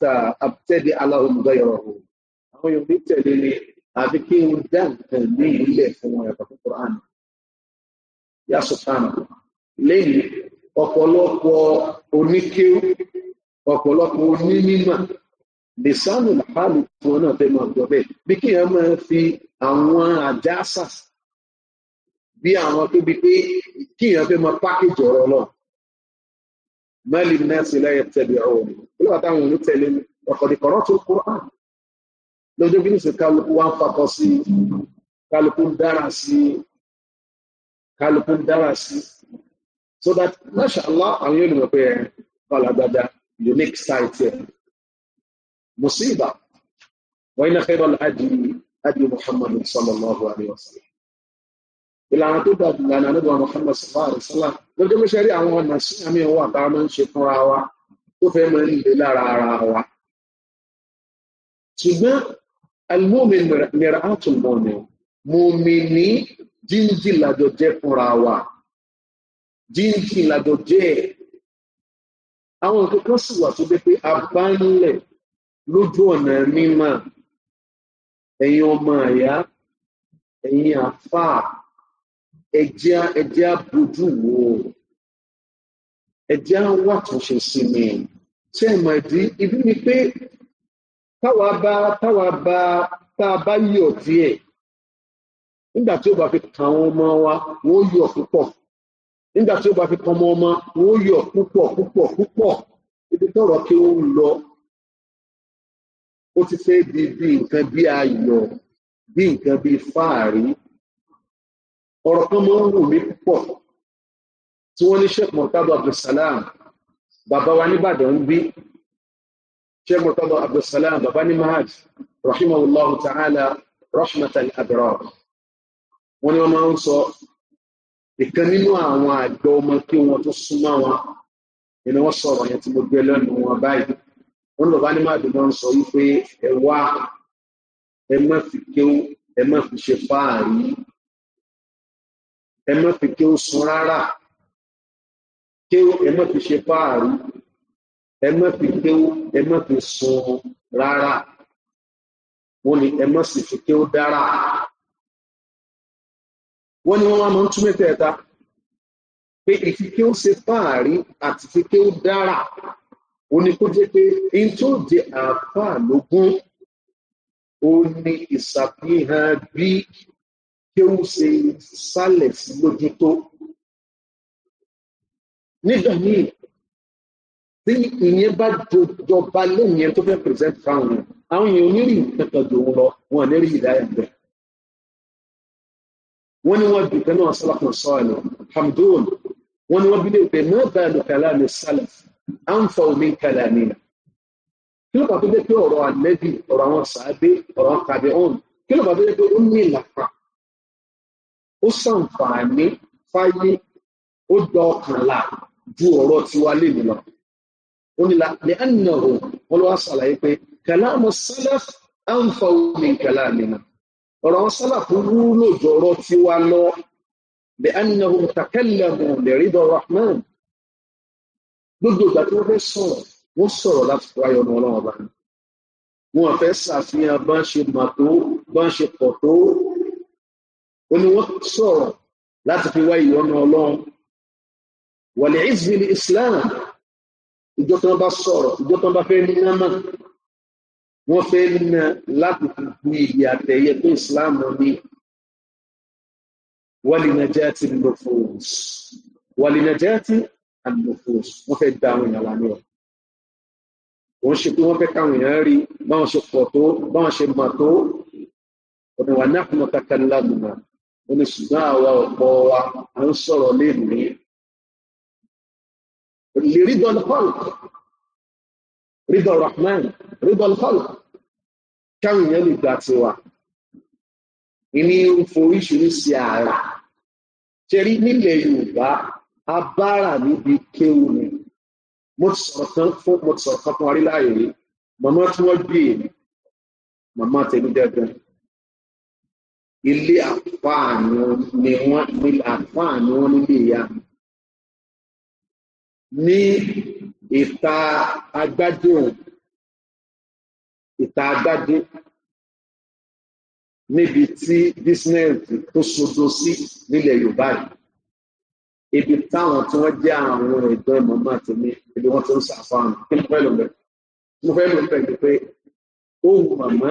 ta àbútẹ́bí aláwọ̀mùgbọ́ yọrọ̀ o àwọn yòókù tẹ̀lé ni àfi kí n dá nǹkan ní ilẹ̀ fún wọn ẹ̀kọ́ fún Quran yà sùpàánù lẹ́yìn ọ̀pọ̀lọpọ̀ oníkéwú ọ̀pọ̀lọpọ̀ onímímà lèsánù làbálù fún ọ náà fẹ́ máa gbọ́ bẹ́ẹ̀ bí kí ẹ máa fi àwọn àjásà bí àwọn tó bí pé kí ẹ fẹ́ máa pákéjì ọ̀rọ̀ náà mẹ́lì náà sì lẹ́yẹ tẹ̀lé ọ̀rọ̀ mi nígbà táwọn òní tẹ̀lé mi ọ̀kọ̀dìkọ̀rọ̀ tó kúrò án lójú bí nìṣẹ́ kálukú wá ń sí kálukú dára sí kálukú dára sí so that masha allah àwọn yóò lè mọ̀ pé ẹ balagbada unique style tiẹ̀ musiba wọ́n iná fẹ́ bá lọ́ọ́ adi adi muhammadu sallallahu alayhi wa sallam ìlànà tó dàbí ìlànà nígbà Muhammad sallallahu alaihi wasallam lọ́jọ́ mọ́ṣẹ́ rí àwọn ọ̀nà sí àmì ẹ̀wọ̀ àbá máa ń ṣe fúnra wa tó fẹ́ máa ń lè lára ara wa. ṣùgbọ́n alimomi nira àtúnbọ̀ ni ní jíǹjì làjọ jẹ́ fúnra wa jíǹjì làjọ jẹ́ àwọn nǹkan sì wà tó dé pé a lójú ọ̀nà mímọ́ ẹ̀yin ọmọ àyá ẹ̀yin àfáà ẹjẹ́ ẹjẹ́ àbójú wò ó ẹjẹ́ àwọn àtúnṣe sí mi ṣé ìmọ̀ ìdí ìdí ni pé táwa bá táwa bá tá a bá yọ̀ díẹ̀ nígbà tí ó bá fi kàn àwọn ọmọ wa wọ́n yọ̀ púpọ̀ nígbà tí o bá fi kàn ọmọ ọmọ wọ́n yọ̀ púpọ̀ púpọ̀ púpọ̀ ibi tọ̀rọ̀ kí ó ń lọ ó ti fẹ́ di bí nǹkan bí ayọ̀ bí nǹkan bí fáàrí ọ̀rọ̀ kan máa ń wù mí púpọ̀ tí wọ́n ní Sheikh Murtado Abdulsalam bàbá wa nìbàdàn ń bí Sheikh Murtado Abdulsalam bàbá ní Mahaj rahimahullahu ta'ala rahmatan abrar wọ́n ní wọ́n wọ́n tó wọ́n sọ̀rọ̀ ẹ má fi kí ó sun rárá kí ẹ má fi ṣe fáàrí ẹ má fi kí ẹ má fi sun rárá wọ́n ní ẹ má sì fi kí ó dára wọ́n ní wọ́n máa ń túmọ̀ tẹ̀ẹ̀ta pé ìfikí ó ṣe fáàrí àti ìfikí ó dára ó kó jẹ́ pé in tó jẹ àáfàá ó ní ìṣàfihàn bí kéwù ṣe sálẹ̀ sí lójú tó. Nígbà míì, tí ìyẹn bá jọba lẹ́yìn tó fẹ́ pẹ̀sẹ̀ntì fáwọn ẹ̀, àwọn èèyàn onírì kankan jòun lọ, wọn ní rí ìdáyà bẹ̀. Wọ́n ní wọ́n bí ìpẹ́ náà sọ́lọ́kùn sọ́ọ̀lù, Hamdun, wọ́n ní wọ́n bí ìpẹ́ náà bá lò kàlá mi sálẹ̀, à ń fa omi kàlá mi. Kí ló bá tó pé ọ̀rọ̀ àlẹ́bí, ọ̀rọ̀ àwọn sàábé, ọ̀rọ̀ kàbí ọ̀n, kí ló bá tó pé ó ní ìlàpá ó ṣàǹfààní fáyé ó dọ ọkàn là ju ọ̀rọ̀ tiwa lè nìlọ ó ní la ní ẹnìyàwó wọn ló wá ṣàlàyé pé kàlámù sálẹf àǹfà omi kàlámù náà ọ̀rọ̀ àwọn sálàfù wúlò jọ ọ̀rọ̀ tiwa lọ bí ẹnìyàwó takẹlẹmù lẹrídọ rahman gbogbo ìgbà tí wọ́n fẹ́ sọ̀rọ̀ wọ́n sọ̀rọ̀ láti wáyọ ọmọ Ọlọ́run ọba ni wọ́n ṣàfihàn bá ń ṣe mà bá ń ṣe pọ̀ tó ó ní wọ́n sọ̀rọ̀ láti fi wá ìyọ́nú ọlọ́run wàlẹ̀ ìzìlì islam ìjọ tí wọ́n bá sọ̀rọ̀ ìjọ tí wọ́n bá fẹ́ ní námà wọ́n fẹ́ ní láti fi bu ìyè àtẹ̀yẹ tó islam ní wàlẹ̀ najati nufus wàlẹ̀ najati nufus wọ́n fẹ́ dá àwọn ìyàwó àníwọ̀ wọ́n ṣe pé wọ́n fẹ́ káwọn èèyàn rí báwọn ṣe pọ̀ tó báwọn ṣe mọ̀ tó ọ̀nà wà náà kùnà kàkàlá lùmọ̀ ó ní ṣùgbọ́n àwa ọ̀pọ̀ wa à ń sọ̀rọ̀ léèmí rídọ̀lù hulk rídọ̀lù rahman rídọ̀lù hulk káwọn èèyàn lè gbà tiwa ìní ń foríṣiríṣi ààrà ṣerí nílẹ̀ yorùbá abára níbi kéwù ni mo ti sọ̀rọ̀ kan fún mo ti sọ̀rọ̀ kan fún aríláyè màmá tí wọ́n gbé èmi e màmá tẹ̀lé dẹ́gbẹ̀rún ilé àfáàní ni wọ́n ilé àfáàní wọ́n nílé ìyá ní ìta agbájé òun ìta agbájé níbi tí bísínẹ́ẹ̀sì tó ṣoṣo sí nílẹ̀ Yorùbá yìí ibi táwọn tí wọ́n jẹ́ àwọn ẹ̀dọ́ ìmọ̀ọ́mọ́ àti ní ibi wọ́n ti ń ṣàfihàn kí mo fẹ́ lò bẹ́ẹ̀ mo fẹ́ lò bẹ́ẹ̀ pé ó wù màmá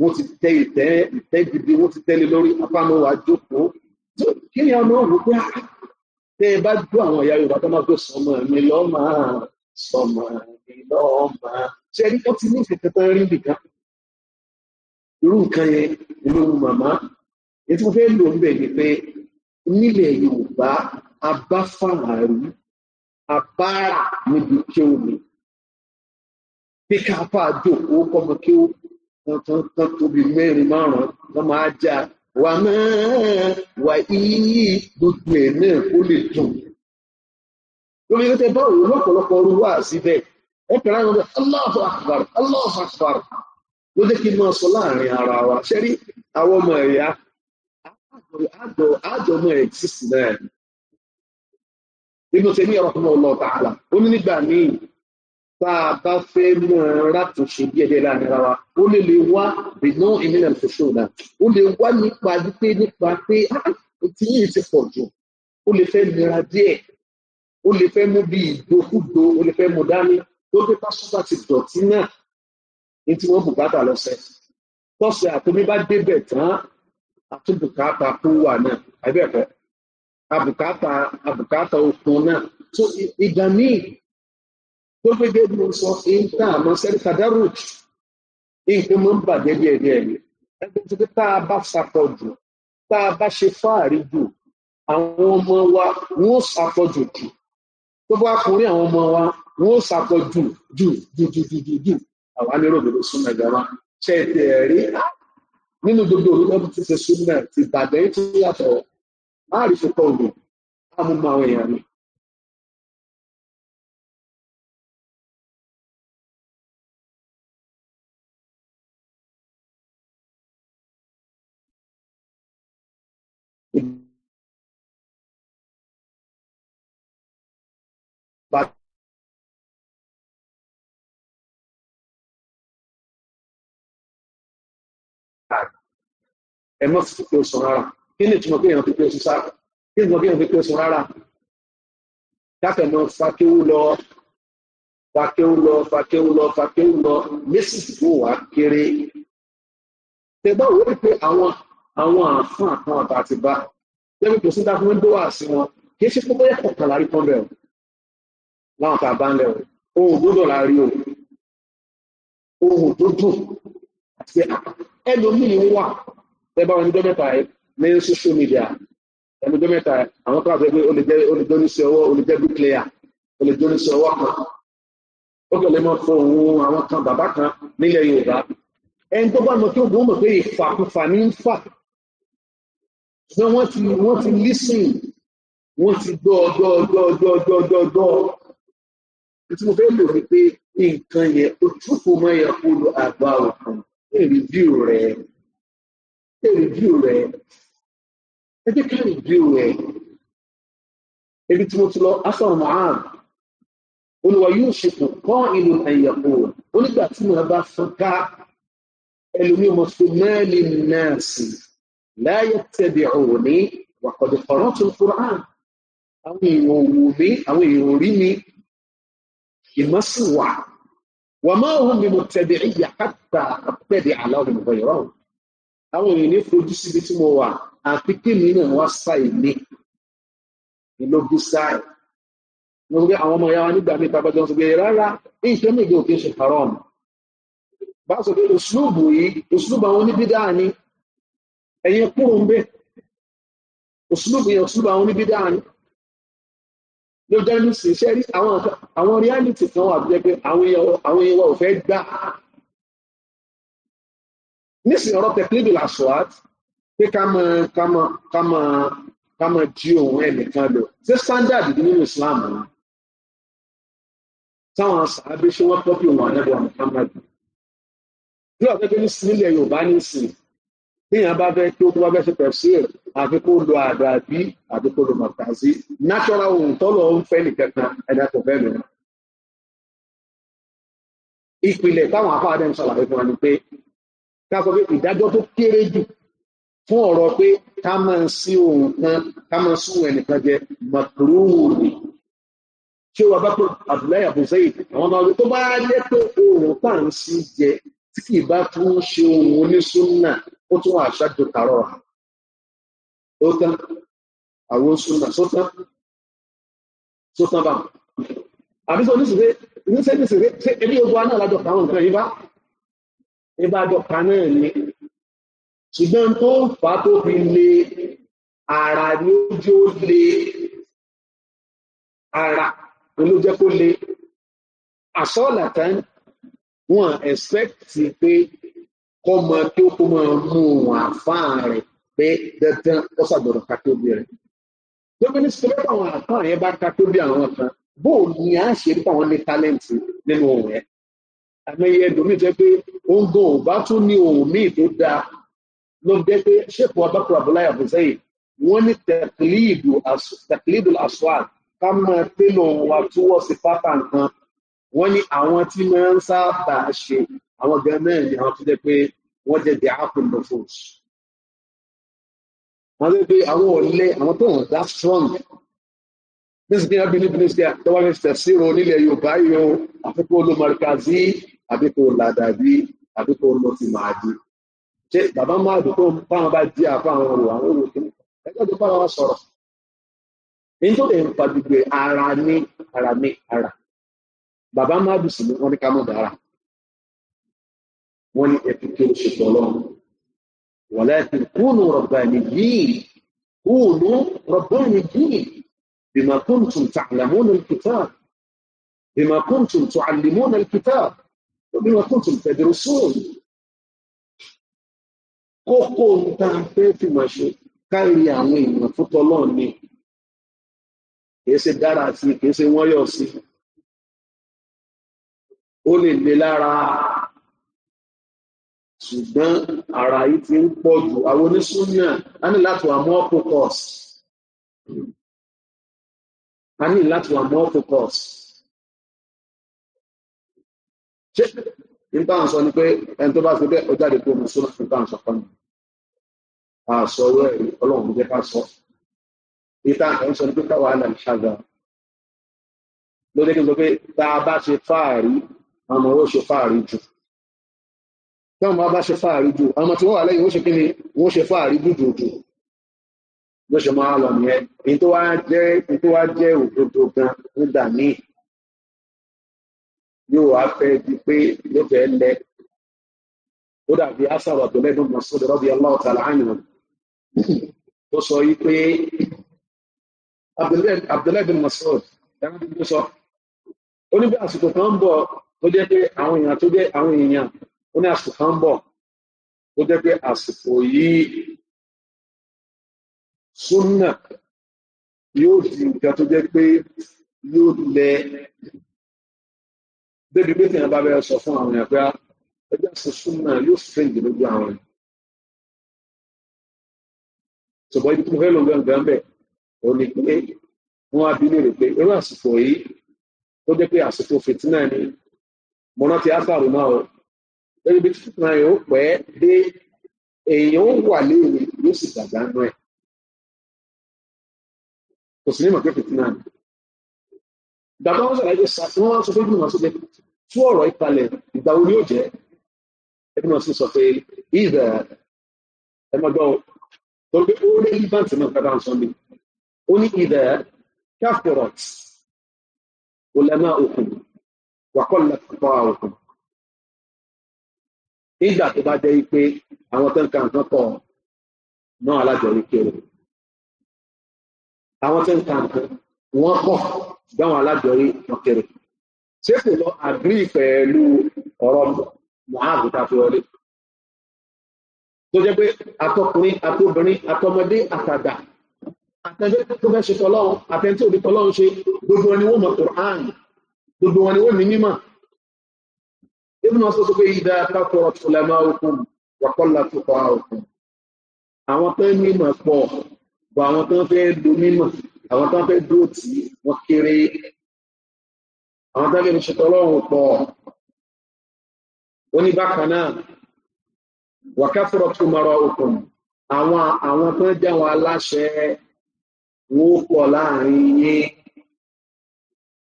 wọ́n ti tẹ ìtẹ́ ìtẹ́ gidi wọ́n ti tẹ́lẹ̀ lórí apámọ́ wa jókòó tó kí ni ọmọ òun pé ah, tẹ́ ẹ bá gbọ́ àwọn ìyá Yorùbá tó máa gbé sọmọ mi lọ́mọ sọmọ mi lọ́mọ ṣe ẹni tó ti ní ìfẹ́ tán rí nìkan irú nǹkan yẹn inú màmá èyí tí mo fẹ́ lò ń bẹ̀ ni pé nílẹ̀ Yorùbá abáfàárí abára níbi kí omi pé ká jókòó kọ́mọ kí ó tó tóbi mẹ́rin márùn-ún wọ́n máa já wà mẹ́rin wà yíyí gbogbo ẹ̀ náà ó lè dùn. lórí ẹgbẹ́ bá òun lọ́pọ̀lọpọ̀ ọrú wà síbẹ̀ ẹ kẹ́rẹ́ àwọn ọmọdé Allahu Akbar Allahu Akbar ló dé kí n máa sọ láàrin ara wa ṣẹ́rí àwọn ọmọ ẹ̀yà àjọ àjọ ọmọ ẹ̀ sísì náà nínú tẹ̀mí ọ̀rọ̀ ọmọ ọlọ́ọ̀ta àlà ó ní nígbà míì tá a bá fẹ́ mọ̀ ọ́n látúnṣe bí ẹ̀dẹ̀ láàrin ara wa ó lè lè wá rìnà ìmìnà ìṣòṣò náà ó lè wá nípa wípé nípa pé ah, ah, tí yìí ti pọ̀ jù ó lè fẹ́ nira díẹ̀ ó lè fẹ́ mú bí ìgbòkúgbò ó lè fẹ́ mú dání tó dé pásítọ̀ àti dọ̀tí náà ní tí wọ́n bùkátà lọ́sẹ̀ tọ́sẹ̀ àtòmí bá débẹ̀ tán àtúbùkátà kó wà náà àbẹ̀kọ́ àbùkátà àbùkátà òkun náà tó ìgbà míì tó gẹ́gẹ́ bí mo sọ nǹkan àmọ́ sẹ́ni tadarut nǹkan mọ́ ń bàjẹ́ díẹ̀ díẹ̀ ni ẹgbẹ́ tó tá a bá sapọ̀ jù tá a bá ṣe fáàrí jù àwọn ọmọ wa wọ́n sapọ̀ jù jù tó bá kùnrin àwọn ọmọ wa wọ́n sapọ̀ jù jù jù jù jù jù jù àwa ní rògbòdò súnmọ́ ẹ̀dá wa ṣe ètè ẹ̀rí nínú gbogbo olùkọ́ ti ṣe súnmọ́ ti bàjẹ́ tó yàtọ̀ má rí fipọ̀ ògùn á mọ àwọn èèyàn mi. ẹ mọ́ sí pé oṣù rárá kí ni ìtumọ̀ pé èèyàn fi pé oṣù sáà kí ni ìtumọ̀ pé èèyàn fi pé oṣù rárá dákẹ́ mọ́ fakéwú lọ fakéwú lọ fakéwú lọ fakéwú lọ mẹ́sì tó wà kéré tẹ́gbọ́n wọ́n rí pé àwọn àwọn àfún àtàn àbá ti bá lẹ́yìn kò sí dákú ń dówà sí wọn kì í ṣe pé bóyá kọ̀ọ̀kan lárí kan bẹ̀rù láwọn tá a bá ń lẹ̀ ohun gbọ́dọ̀ la rí o ohun tó dùn àti ẹlòmíì wà tẹ́bá wọn níjọ́ mẹ́ta ní social media ẹnujọ́ mẹ́ta àwọn kan àti ẹgbẹ́ olùjẹ́nisẹ́ ọwọ́ olùjẹ́bí player olùjẹ́nisẹ́ ọwọ́ kan ó kẹ̀lé mọ́ fún òun àwọn kan bàbá kan nílẹ̀ Yorùbá ẹni tó bá mọ̀ tó gbọ́n mọ̀ pé ìfàkùfà ní ń fà ṣùgbọ́n wọ́n ti wọ́n ti lísìn wọ́n ti gbọ́ ọjọ́ ọjọ́ ọjọ́ ọjọ́ ọjọ́ ọjọ́ tí mo fẹ́ lò ní pé nǹkan yẹn ojúkòó mọ́ yẹ kó lo àgbà òkun ní rìvíù rẹ̀ ẹ rìvíw rẹ̀ ẹ jẹ́ ká rìvíw rẹ̀ ebi tí mo ti lọ asọ̀rọ̀ mohan olùwà yóò ṣètò kọ́ ìlú ẹ̀yẹ̀kọ́ onígbà tí mo bá fọ́n ká ẹlòmí mo fi mẹ́ẹ̀lì náà sí láyé tẹ̀bí òní wàkọ̀dé kọ̀rọ̀ tó kúrán àwọn èèyàn wò mí àwọn èèyàn rí mi ìmọ̀síwà wà máa hùn mi mo tẹ̀bí ìyà kàtà àpẹẹ̀dẹ̀ aláwọ̀ ìmọ̀ ìrọ̀rùn àwọn èèyàn ní fojú síbi tí mo wà àti kémi náà wá sá ìlé ìlógún sáì mo sọ pé àwọn ọmọ ìyá wa nígbà mi pàápàá jọ sọ pé rárá nǹkan méje ò kí ń ṣe bá sọ pé òṣùlùbù yìí òṣùlùbù àwọn oníbídà ni ẹ̀yin kúrò ń bẹ òṣùlùbù yẹn òṣùlùbù àwọn oníbídà ni ló jẹ́ ní sèṣẹ́ rí àwọn reality kan wà bí ẹgbẹ́ àwọn èèyàn wa ò fẹ́ gbà nísìnyí ọ̀rọ̀ tẹ̀kílìdì làṣọ́àt pé ká mọ ká mọ ká mọ ká mọ jí òun ẹnìkan lọ ṣé standard nínú Islam ni táwọn sàábé ṣé wọ́n tọ́pì òun àdẹ́bọ̀ Muhammad bí ọ̀gá tó ní sílẹ̀ Yorùbá ní sìn téèyàn bá fẹ́ tó bá fẹ́ ṣe tẹ̀síìr àfi kó lo àdó àbí àbí lo màkàzí natural ohun tọ́lọ̀ ń fẹ́ nìkankan ẹ̀dá kò fẹ́ mìíràn ìpìlẹ̀ táwọn afáàdé ń ṣàlàyé fún wa ni pé ká sọ pé ìdájọ́ tó kéré jù fún ọ̀rọ̀ pé ká máa ń sí òun kan ká máa ń sún ẹnìkan jẹ màkúrúwù ni ṣé wàá bá pé Abdullahi abdulsayi àwọn ọmọ ọdún tó bá yẹ pé òun tá à ń sí jẹ tí kì bá tún ṣe ohun onísúnà ó tún àṣàjò tààrọ hàn ó tán àwọn súnà sótán sótán bá àbí sọ oníṣìṣẹ́ oníṣẹ́ ìṣẹ̀ṣẹ̀ ẹbí ogun aná alájọ táwọn nǹkan yìí bá ní bá dọ̀ka náà ni ṣùgbọ́n tó ń fà tó fi le ara ni ó jẹ́ ó le ara ló jẹ́ kó le àsọ́ọ̀làtàn wọn ẹ̀sẹ̀kìtì pé kọ́ mọ tó kó mọ mú wọn àfáà rẹ̀ pé dandan ó ṣàgbọ̀dọ̀ ká tóbi rẹ̀ lóbìnrin sọ pé àwọn àfáà yẹn bá ká tóbi àwọn kan bóò ní a ṣe pé àwọn ní tálẹ́ǹtì nínú òun yẹn àmì ẹlòmíì jẹ́ pé ó ń gan òbá tún ní ohun míì tó dáa ló jẹ́ pé ṣèpọ abákùrọ abúláyà bó sẹ́yìn wọ́n ní tẹkìlídù àṣọà ká máa tẹlọ wa túwọ sí pátá nǹkan wọ́n ní àwọn tí máa ń sábà ṣe àwọn gan náà ni àwọn tó jẹ́ pé wọ́n jẹ́ the apple of fools. wọ́n jẹ́ pé àwọn ọ̀lẹ àwọn tó ń dá strong nísìnyí abínibí ní sẹ tọwọ fi tẹsíro nílẹ̀ Yorùbá yìí o àfikún olùmọlùkàzí àfikún làdàbí àfikún olùtìmáàdì ṣé bàbá máa dùn tó báwọn bá di àfáwọn òwò àwọn òwò kìíní ẹgbẹ́ tó báwọn sọ̀rọ̀ nítorí nǹkan gbogbo ara ní ara ní ara bàbá máa dùn sí ni wọ́n ní ká mọ̀ dára wọ́n ní ẹ̀kú kí o ṣètò ọlọ́run walakin kúnù rabbaniyin kúnù rabbaniyin. بما كنتم تعلمون الكتاب بما كنتم تعلمون الكتاب وبما كنتم تدرسون kókó ń ta fẹ́ fi máa ṣe kárí àwọn èèyàn tó tọ́lọ́ ni kìí ṣe dára sí kìí ṣe wọ́n yọ̀ sí ó lè lè lára ṣùgbọ́n ara yìí ti ń pọ̀ jù àwọn oníṣúná á ní láti wà mọ́ pocus a ní láti wà more focus. ṣé nípa à ń sọ ni pé ẹni tó bá fi bẹ́ẹ̀ ọjà lè kó omi sóná nípa à ń sọ fún mi àṣọ owó ẹ̀rí ọlọ́run jẹ́ ká sọ ìta ẹ̀ ń sọ ní pé káwa àlà ìṣàgbà ló dé kí n sọ pé tá a bá ṣe fáàrí àwọn ọmọ ṣe fáàrí jù táwọn bá ṣe fáàrí jù àwọn tí wọ́n wà lẹ́yìn ó ṣe kí ni wọ́n ṣe fáàrí jù jù jù bó ṣe máa lọ nìyẹn èyí tó wá jẹ́ èyí tó wá jẹ́ òdodo gan nígbà míì yóò wá fẹ́ di pé yóò fẹ́ lẹ ó dàbí asàrò àtọ́lẹ́dùn mọ̀sọ́dọ̀ rọ́bì aláwọ̀ tààlà ànìyàn tó sọ yí pé abdulẹ́dùn mọ̀sọ́dọ̀ ẹ̀rọ tó sọ ó ní bí àsìkò kan ń bọ̀ tó jẹ́ pé àwọn èèyàn tó jẹ́ àwọn èèyàn ó ní àsìkò kan ń bọ̀ tó jẹ́ pé àsìkò yìí súnà yóò di nǹkan tó jẹ́ pé yóò lẹ débi pé tèèyàn bá bẹ̀rẹ̀ sọ fún àwọn èèyàn pé ẹgbẹ́ sọ súnà yóò fẹ́ǹdì lójú àwọn èèyàn. ṣùgbọ́n ibi tí mo fẹ́ lò gangan bẹ̀ ò ní pé wọ́n á bí lè rè pé irú àsìkò yìí tó jẹ́ pé àsìkò fìtínà ni mo rántí áfàrò náà o lórí ibi tí yóò pẹ́ dé èèyàn wà léèrè yóò sì dàgbà náà kò sí ní mọ̀ pé fìtínà ni ìgbàgbọ́ wọn sàlàyé sá wọn wá sọ pé bí wọn sọ pé tú ọ̀rọ̀ ìpalẹ̀ ìgbà wo ni yóò jẹ́ ẹbí wọn sì sọ pé ìdà ẹ mọ gbọ́ tó pé ó lé ní báńkì náà kábàá sọ mi ó ní ìdà káfọ̀rọ̀t olẹ́mà òkun wàkọ́lẹ̀ pọ̀ òkun ìgbà tó bá jẹ́ pé àwọn tó ń ka nǹkan pọ̀ náà alájọ ní kéré àwọn tí ń ka nǹkan wọ́n pọ̀ dáwọn alájọrí wọn kéré ṣé kò lọ àgírí pẹ̀lú ọ̀rọ̀ muhammed tá a fi wọlé tó jẹ́ pé atọkùnrin atọbìnrin atọmọdé àtàgbà àtẹjọ́ tó fẹ́ ṣe tọlọ́run àtẹntí òbí tọlọ́run ṣe gbogbo wọn ni wọ́n mọ̀ Qur'an gbogbo wọn ni wọ́n ní mímọ̀ ibùdó wọn sọ pé ìdá kákọrọ tùlẹmọ okùn wàkọlà tó kọ àwọn okùn àwọn tó ń bọ̀ àwọn tó ń fẹ́ do mímọ̀ àwọn tó ń fẹ́ dúró tì í wọ́n kéré àwọn tó ń fẹ́ ṣètò ọlọ́run pọ̀ ó ní bákan náà wàkàfọ̀rọ̀ tó mọ̀rọ̀ òkun àwọn àwọn tó ń jẹ́ àwọn aláṣẹ wo pọ̀ láàrin yín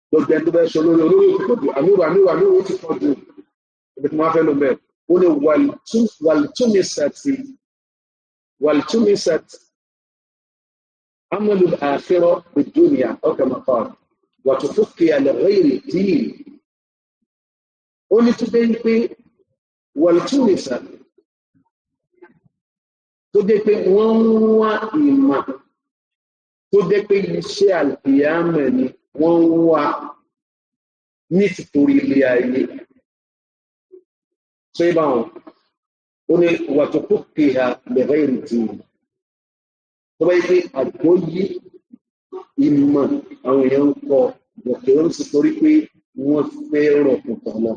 gbogbo ẹni tó bẹ́ ṣe olórí olórí òkú pọ̀jù àmúrò àmúrò àmúrò ti pọ̀jù ibi tí wọ́n fẹ́ lò bẹ́ẹ̀ ó ní wàlítúmísàtì wàlítúmísàtì عمل الآخرة بالدنيا أو كما قال وتفقي لغير الدين قلت بيبي والتونس tó dé pé wọ́n ń wá ìmọ̀ tó dé pé iṣẹ́ àlùkìyàmọ̀ ni wọ́n ń wá ní tìtorí ilé ayé tó yẹ báwọn ó ní wàtòkókè ha lẹ́rẹ́ ìrìntì yìí tó bá yẹ pé àgbóyé ìmọ̀ àwọn èèyàn ń kọ ìgbọ̀kẹ́ ó ń sì torí pé wọ́n fẹ́ rọ̀ pọ̀tọ̀ lọ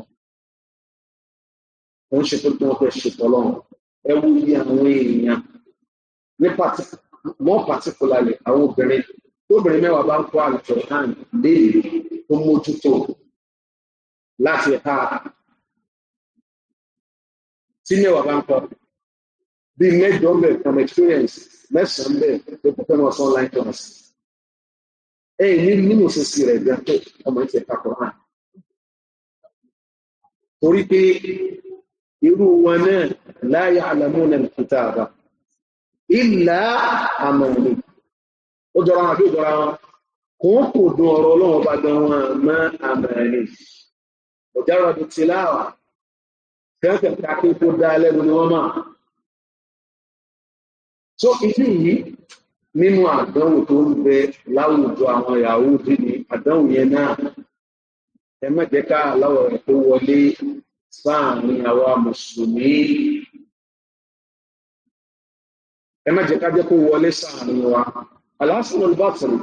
wọ́n ṣe tó tí wọ́n fẹ́ ṣètò lọ́wọ́ ẹ wú iye àwọn èèyàn ní more particularly àwọn obìnrin tóbìnrin mẹ́wàá bá ń kọ́ àlùfẹ́ hàn léèrè tó mójútó láti ẹ̀ka tí mẹ́wàá bá ń kọ́ bíi mẹ́jọ ń from experience mẹ́sàn-án bẹ tó púpọ̀ náà online class ẹ ní nínú sísè rẹ̀ gan tó ọmọ ẹ̀ ti ẹ̀ka illa amani jọra wọn jọra wọn kò kò dùn ọ̀rọ̀ ọlọ́run gan wọn mọ́ amani kẹ́kẹ̀ẹ́ dá lẹ́nu ni so ìdí yìí nínú àdánwò tó ń bẹ láwùjọ àwọn Yahudi ní àdánwò yẹn náà ẹ má jẹ́ ká aláwọ̀ rẹ̀ tó wọlé sáàrin àwa mùsùlùmí ẹ má jẹ́ ká jẹ́ kó wọlé sáàrin wa aláṣùn olùbátìrì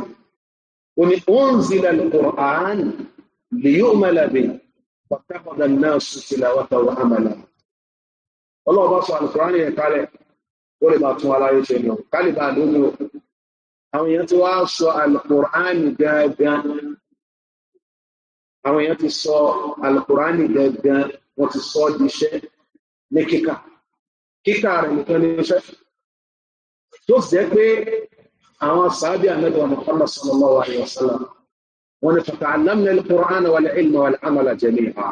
ó ní unzila al-Qur'an liyu'mala bihi fàtàkọ̀dà náà sùtìlà wàtàwà àmàlà ọlọ́ọ̀bá sọ àlùkùránì yẹn kalẹ̀ ó lè máa tún aláyé ṣe lọ kálíbà lónìí o àwọn èèyàn ti wá sọ alukur'ani gangan àwọn èèyàn ti sọ alukur'ani gangan wọ́n ti sọ di iṣẹ́ ní kíkà kíkà rẹ̀ nìkan ní iṣẹ́ tó jẹ́ pé àwọn sàábì ànábì Muhammad sallallahu alaihi wasallam wọ́n ní fata'allamna al-Qur'ana wal-ilma wal-amala jami'a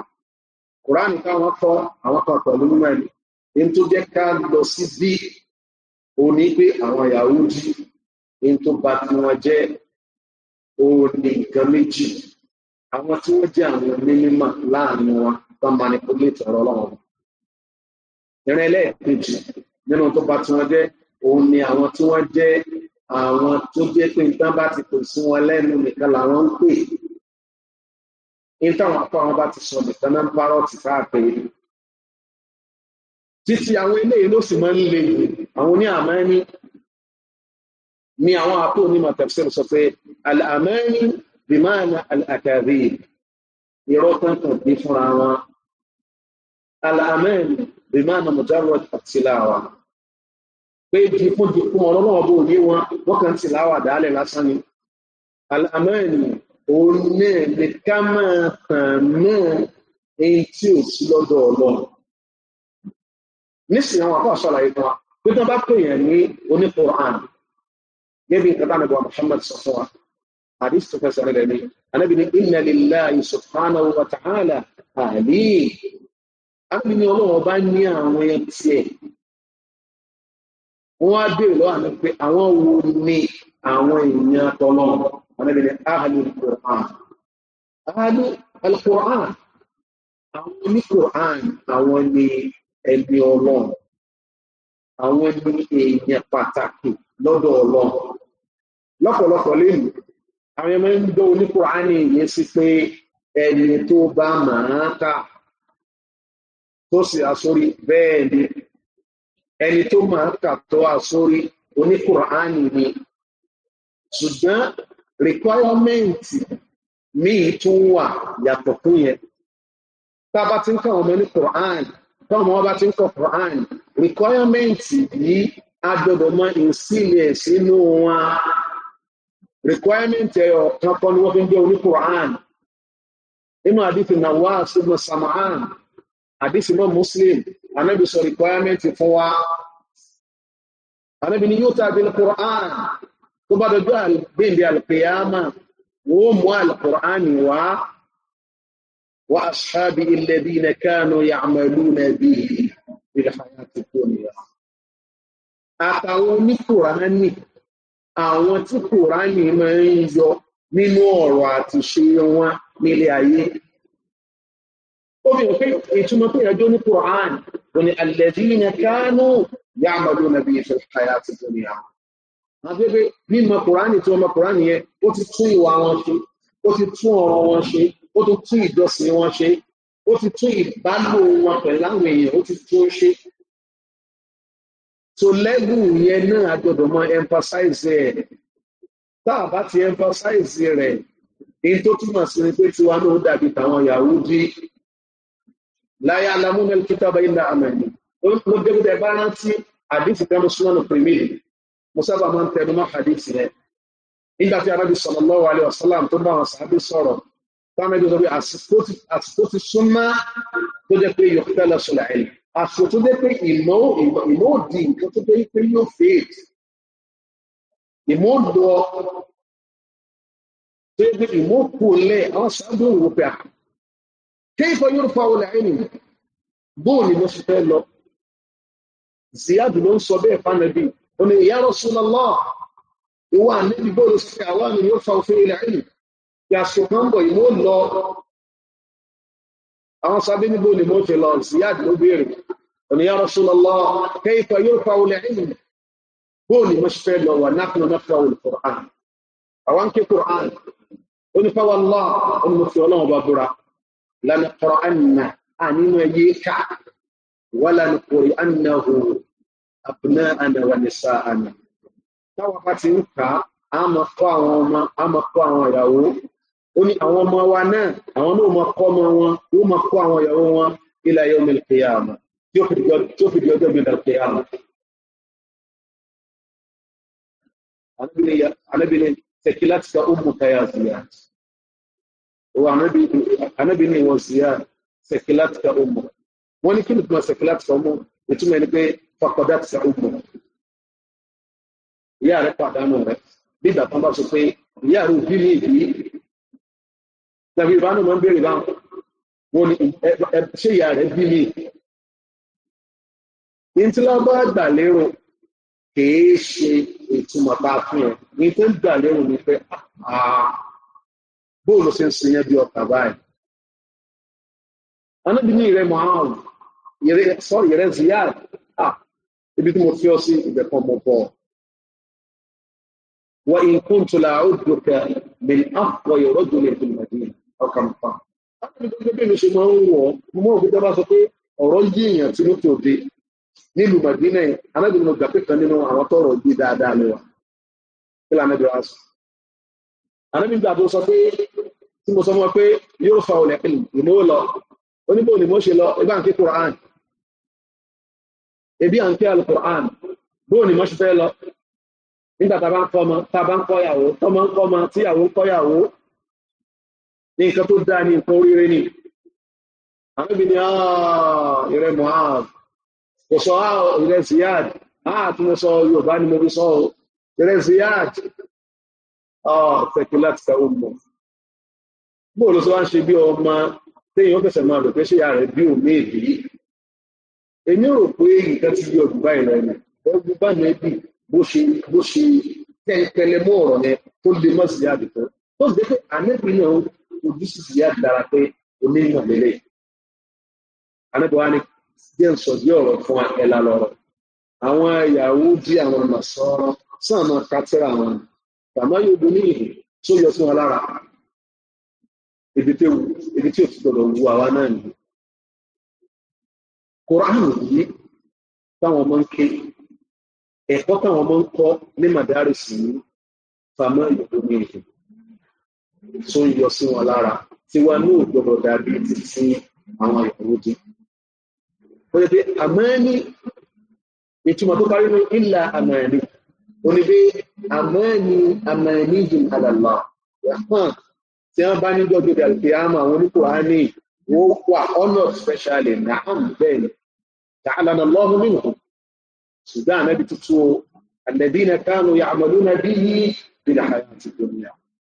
Qur'an káwọn kọ àwọn kan pẹ̀lú mẹ́rin ó ní pé àwọn Yahudi ní tó bá tí wọ́n jẹ́ òun ní nǹkan méjì àwọn tí wọ́n jẹ́ àwọn onímọ̀ láàrin wọn bá manipulate ọ̀rọ̀ ọlọ́run ìrìn ẹlẹ́ẹ̀kejì nínú tó bá tí wọ́n jẹ́ òun ni àwọn tí wọ́n jẹ́ àwọn tó jẹ́ pé nǹkan bá ti pè sí wọn lẹ́nu nìkan làwọn ń pè ní táwọn apá wọn bá ti sọ nìkan náà ń parọ́ ti káàkiri títí àwọn eléyìí ló sì máa ń le yìí àwọn oní àmání ni àwọn àpò onímọ̀ tafsir sọ pé al-amani bí máa na al-akadhib irọ́ kankan bí fúnra wọn al-amani bí máa na mujarrad at-tilawa pé dìkúndìkún ọlọ́lọ́wọ́ bó ní wọn wọ́n kàn ti láwà dálẹ̀ lásán ni al-amani òun ká máa tàn náà èyí tí ò sí lọ́dọ̀ ọlọ́run nísìnyí àwọn àpá àṣọ àlàyé kan wa pé tó bá pèèyàn ní oníkùrán níbi nǹkan táwọn ọmọ Muhammad sọ fún wa àdìs tó fẹsẹ̀ rẹ̀ ni anábì ní inna lillahi subhanahu wa ta'ala àlì àbí ní ọlọ́wọ́ bá ní àwọn ẹtì ẹ̀ wọ́n á béèrè lọ́wọ́ àná pé àwọn wo ni àwọn èèyàn tọ́lọ́ anábì ní ahlu quran ahlu al-Qur'an àwọn oníkùrán àwọn ni ẹni ọlọ́run àwọn ni èèyàn pàtàkì lọ́dọ̀ ọlọ́run lọ́pọ̀lọpọ̀ lẹ́nu àwọn ẹmọ ń dọ́ oníkùránì yẹn sí pé ẹni tó bá màá kà tó sì àsórí bẹ́ẹ̀ ni ẹni tó màá kà tó àsórí oníkùránì ni ṣùgbọ́n rìkwáyọ́mẹ́ǹtì míì tún wà yàtọ̀ fún yẹn tá a bá ti ń kà ọmọ ní kùránì táwọn ọmọ bá ti ń kọ kùránì rìkọ́yámẹ́ǹtì yìí a gbọ́dọ̀ mọ ìsílẹ̀ sínú wọn rìkọ́yámẹ́ǹtì ẹ̀yọ̀ kan kọ́ ni wọ́n fi ń jẹ́ oníkùrán nínú àdìsí Nawas ibn Sam'an àdìsí mọ́ Muslim anábì sọ rìkọ́yámẹ́ǹtì fún wa anábì ni yóò tàbí alukur'an tó bá dojú àgbéǹde alukiyama wọ́n mú alukur'an wá wa ashabi alladhina kanu ya'maluna ìrìnàjò ti kú nìyà. Àtàwọn oníkùránì, àwọn tí kùránì máa ń yọ nínú ọ̀rọ̀ àti ṣe wọn nílé ayé. Ó fi hàn pé ìtumọ̀ pé ìrìnàjò ní Kùránì kò ní alladhina kanu ya'maluna bihi fil hayati dunya. Àgbẹ̀gbẹ̀ mímọ̀ Kùránì tí wọ́n mọ̀ Kùránì yẹn, ó ti tún ìwà wọn ṣe, ó ti tún ọ̀rọ̀ wọn ṣe, ó ti tún ìjọsìn wọn ṣe, ó ti tún ìbálò wọn pẹ̀lú àwọn èèyàn ó ti tún ṣe so level yẹn náà a gbọ́dọ̀ mọ emphasize ẹ̀ tá a bá ti emphasize rẹ̀ èyí tó túmọ̀ sí ni pé tiwa náà ó dàbí tàwọn Yahudi láyé alamúnà kìtàbà ilẹ̀ àmàlì ó ń gbé gbé bá rántí àdìsí kan ló súnmọ́ lópin mi mo sábà máa ń tẹnu mọ́ àdìsí rẹ̀ nígbà tí arábì sallallahu alaihi wasallam tó bá wọn sàábì sọ̀rọ̀ táwọn ẹgbẹ́ sọ pé àsìkò ti súnmọ́ tó jẹ́ pé yóò fẹ́ lọ sọ̀rọ̀ àìlè àsìkò tó jẹ́ pé ìmọ̀ òdì nǹkan tó jẹ́ pé yóò fèèd ìmọ̀ òdò tó jẹ́ pé ìmọ̀ òkú lẹ̀ àwọn sábà òwò pé à kéèfọ yóò fa olè àìlè bóò ni mo fẹ́ lọ ziyadu ló ń sọ bẹ́ẹ̀ fánàbí ó ní ya Rasulullah ìwà níbi bóòlù sí yàṣù kan bọ̀ yìí wọ́n lọ àwọn sábẹ́ níbo ni mo ti lọ Ziyad ló béèrè òní ya Rasulullah kayfa yurfa al-ilm bóò ni mo ṣe fẹ́ lọ wà nahnu naqra'u al-Qur'an àwọn ń Qur'an ó ní fáwọn lọ ó ní mo fi ọlọ́run bá búra lanaqra'anna ànínú ẹyẹ ká wà lanaqra'annahu abna'ana wa nisa'ana táwọn bá ti ń kà á máa kọ́ àwọn ọmọ á máa kọ́ àwọn ìyàwó ó ní àwọn ọmọ wa náà àwọn náà mọ kọ́ ọmọ wọn ó mọ kọ́ àwọn ìyàwó wọn ila yawmil qiyamah tí ó fi di ọjọ́ ìgbìndà qiyamah. anábìnrin tẹ̀kí láti ka ọmọ káyà ziyad wọ anábìnrin wọn ziyad tẹ̀kí láti ka ọmọ wọn ní kí ni tuma tẹ̀kí láti ka ọmọ ìtumọ̀ ẹni pé fakọ̀dá ti ka ọmọ ìyá pàdánù rẹ̀ bí ìgbà bá sọ pé ìyá òbí mi yìí Nàbí Yorùbá náà máa ń béèrè báwọn. Wọ́n ní ṣé ìyá rẹ̀ bí mi? Ìntìlábọ̀ àgbàlérò kìí ṣe ìtumọ̀ bá a fún ẹ. Ní tó ń gbàlérò ni pé ah, ah, bóòlù ṣe ń sin yẹn bí ọkà báyìí. Anábìíní rẹ̀ Mọ̀háàmù, sọ́ọ̀rì rẹ̀ Ziyad, ah, ibi tí mo fi ọ sí ìbẹ̀kan mo bọ̀ ọ́. وإن كنت لأعدك من أقوى رجل في ọkàn pa bẹ́ẹ̀ ni ṣe máa ń wọ̀ mo mọ̀ òkúta bá sọ pé ọ̀rọ̀ yí èèyàn tí ló tó dé nílùú Màdínà anábìrin ọgbà pé kan nínú àwọn tọrọ gbé dáadáa ni wa kí lóò anábìrin wa sọ anábìrin gbà tó sọ pé tí mo sọ fún wa pé yóò fa olè pẹ̀lú ìmọ̀ ó lọ oníbò ni mo ṣe lọ ẹgbẹ́ àǹkí Quran ebi àǹkí àlù Quran bó ni mo ṣe fẹ́ lọ nígbà tá a bá ń kọ́ ọmọ tá a bá ń kọ́ ìyàwó tọ́mọ ń kọ́ ọmọ tíyàwó ń kọ́ ìyàwó ní nǹkan tó dáa ní nǹkan oríire ni àmọ́bí ni ah, ìrẹ Mu'adh kò sọ ah, ìrẹ Ziyad àti ah, mo sọ Yorùbá ni mo fi sọ ìrẹ Ziyad tẹ̀kí láti sẹ́wọ́n mọ́ bó ló sọ wá ń ṣe bí ọmọ téèyàn kẹsẹ̀ máa rò pé ṣé ìyá rẹ̀ bí òmí èdè yìí èmi rò pé nǹkan ti yọ ọdún báyìí lẹ́nu ọdún báyìí ẹbí bó ṣe bó ṣe tẹ́ńpẹ́lẹ́ ọ̀rọ̀ yẹn tó lè mọ́ sí àdìpọ̀ tó sì dé pé àmẹ́bí náà ojú sì sì yá dára pé onímọ̀ lélẹ̀ anábọ̀ wá ní díẹ̀ sọ bí ọ̀rọ̀ fún ẹ̀la lọ́rọ̀ àwọn ìyàwó di àwọn ọ̀nà sọ̀rọ̀ sáà máa ka tẹ́ra àwọn tàmá yóò bo ní ìhìn tó yọ fún wa lára ibi tí o ti gbọdọ̀ wu àwa náà nìyí Kùránù yìí táwọn ọmọ ń ké ẹ̀kọ́ táwọn ọmọ ń kọ́ ní màdárìsì yìí tàmá yóò ní ìhìn tó ń yọ sí wọn lára tiwa náà gbọdọ̀ dàbí títí àwọn Yahudi. wọ́n yẹ pé àmánì ìtumọ̀ tó parí ní ìlà àmánì ó ní pé àmánì àmánì yìí àlàlà yàtàn tí wọ́n bá níjọ́ gbèdé àlùkìyàmọ̀ àwọn oníkùránì wọ́n wà ọ̀nà specially bẹ́ẹ̀ ni ta'alana ṣùgbọ́n tuntun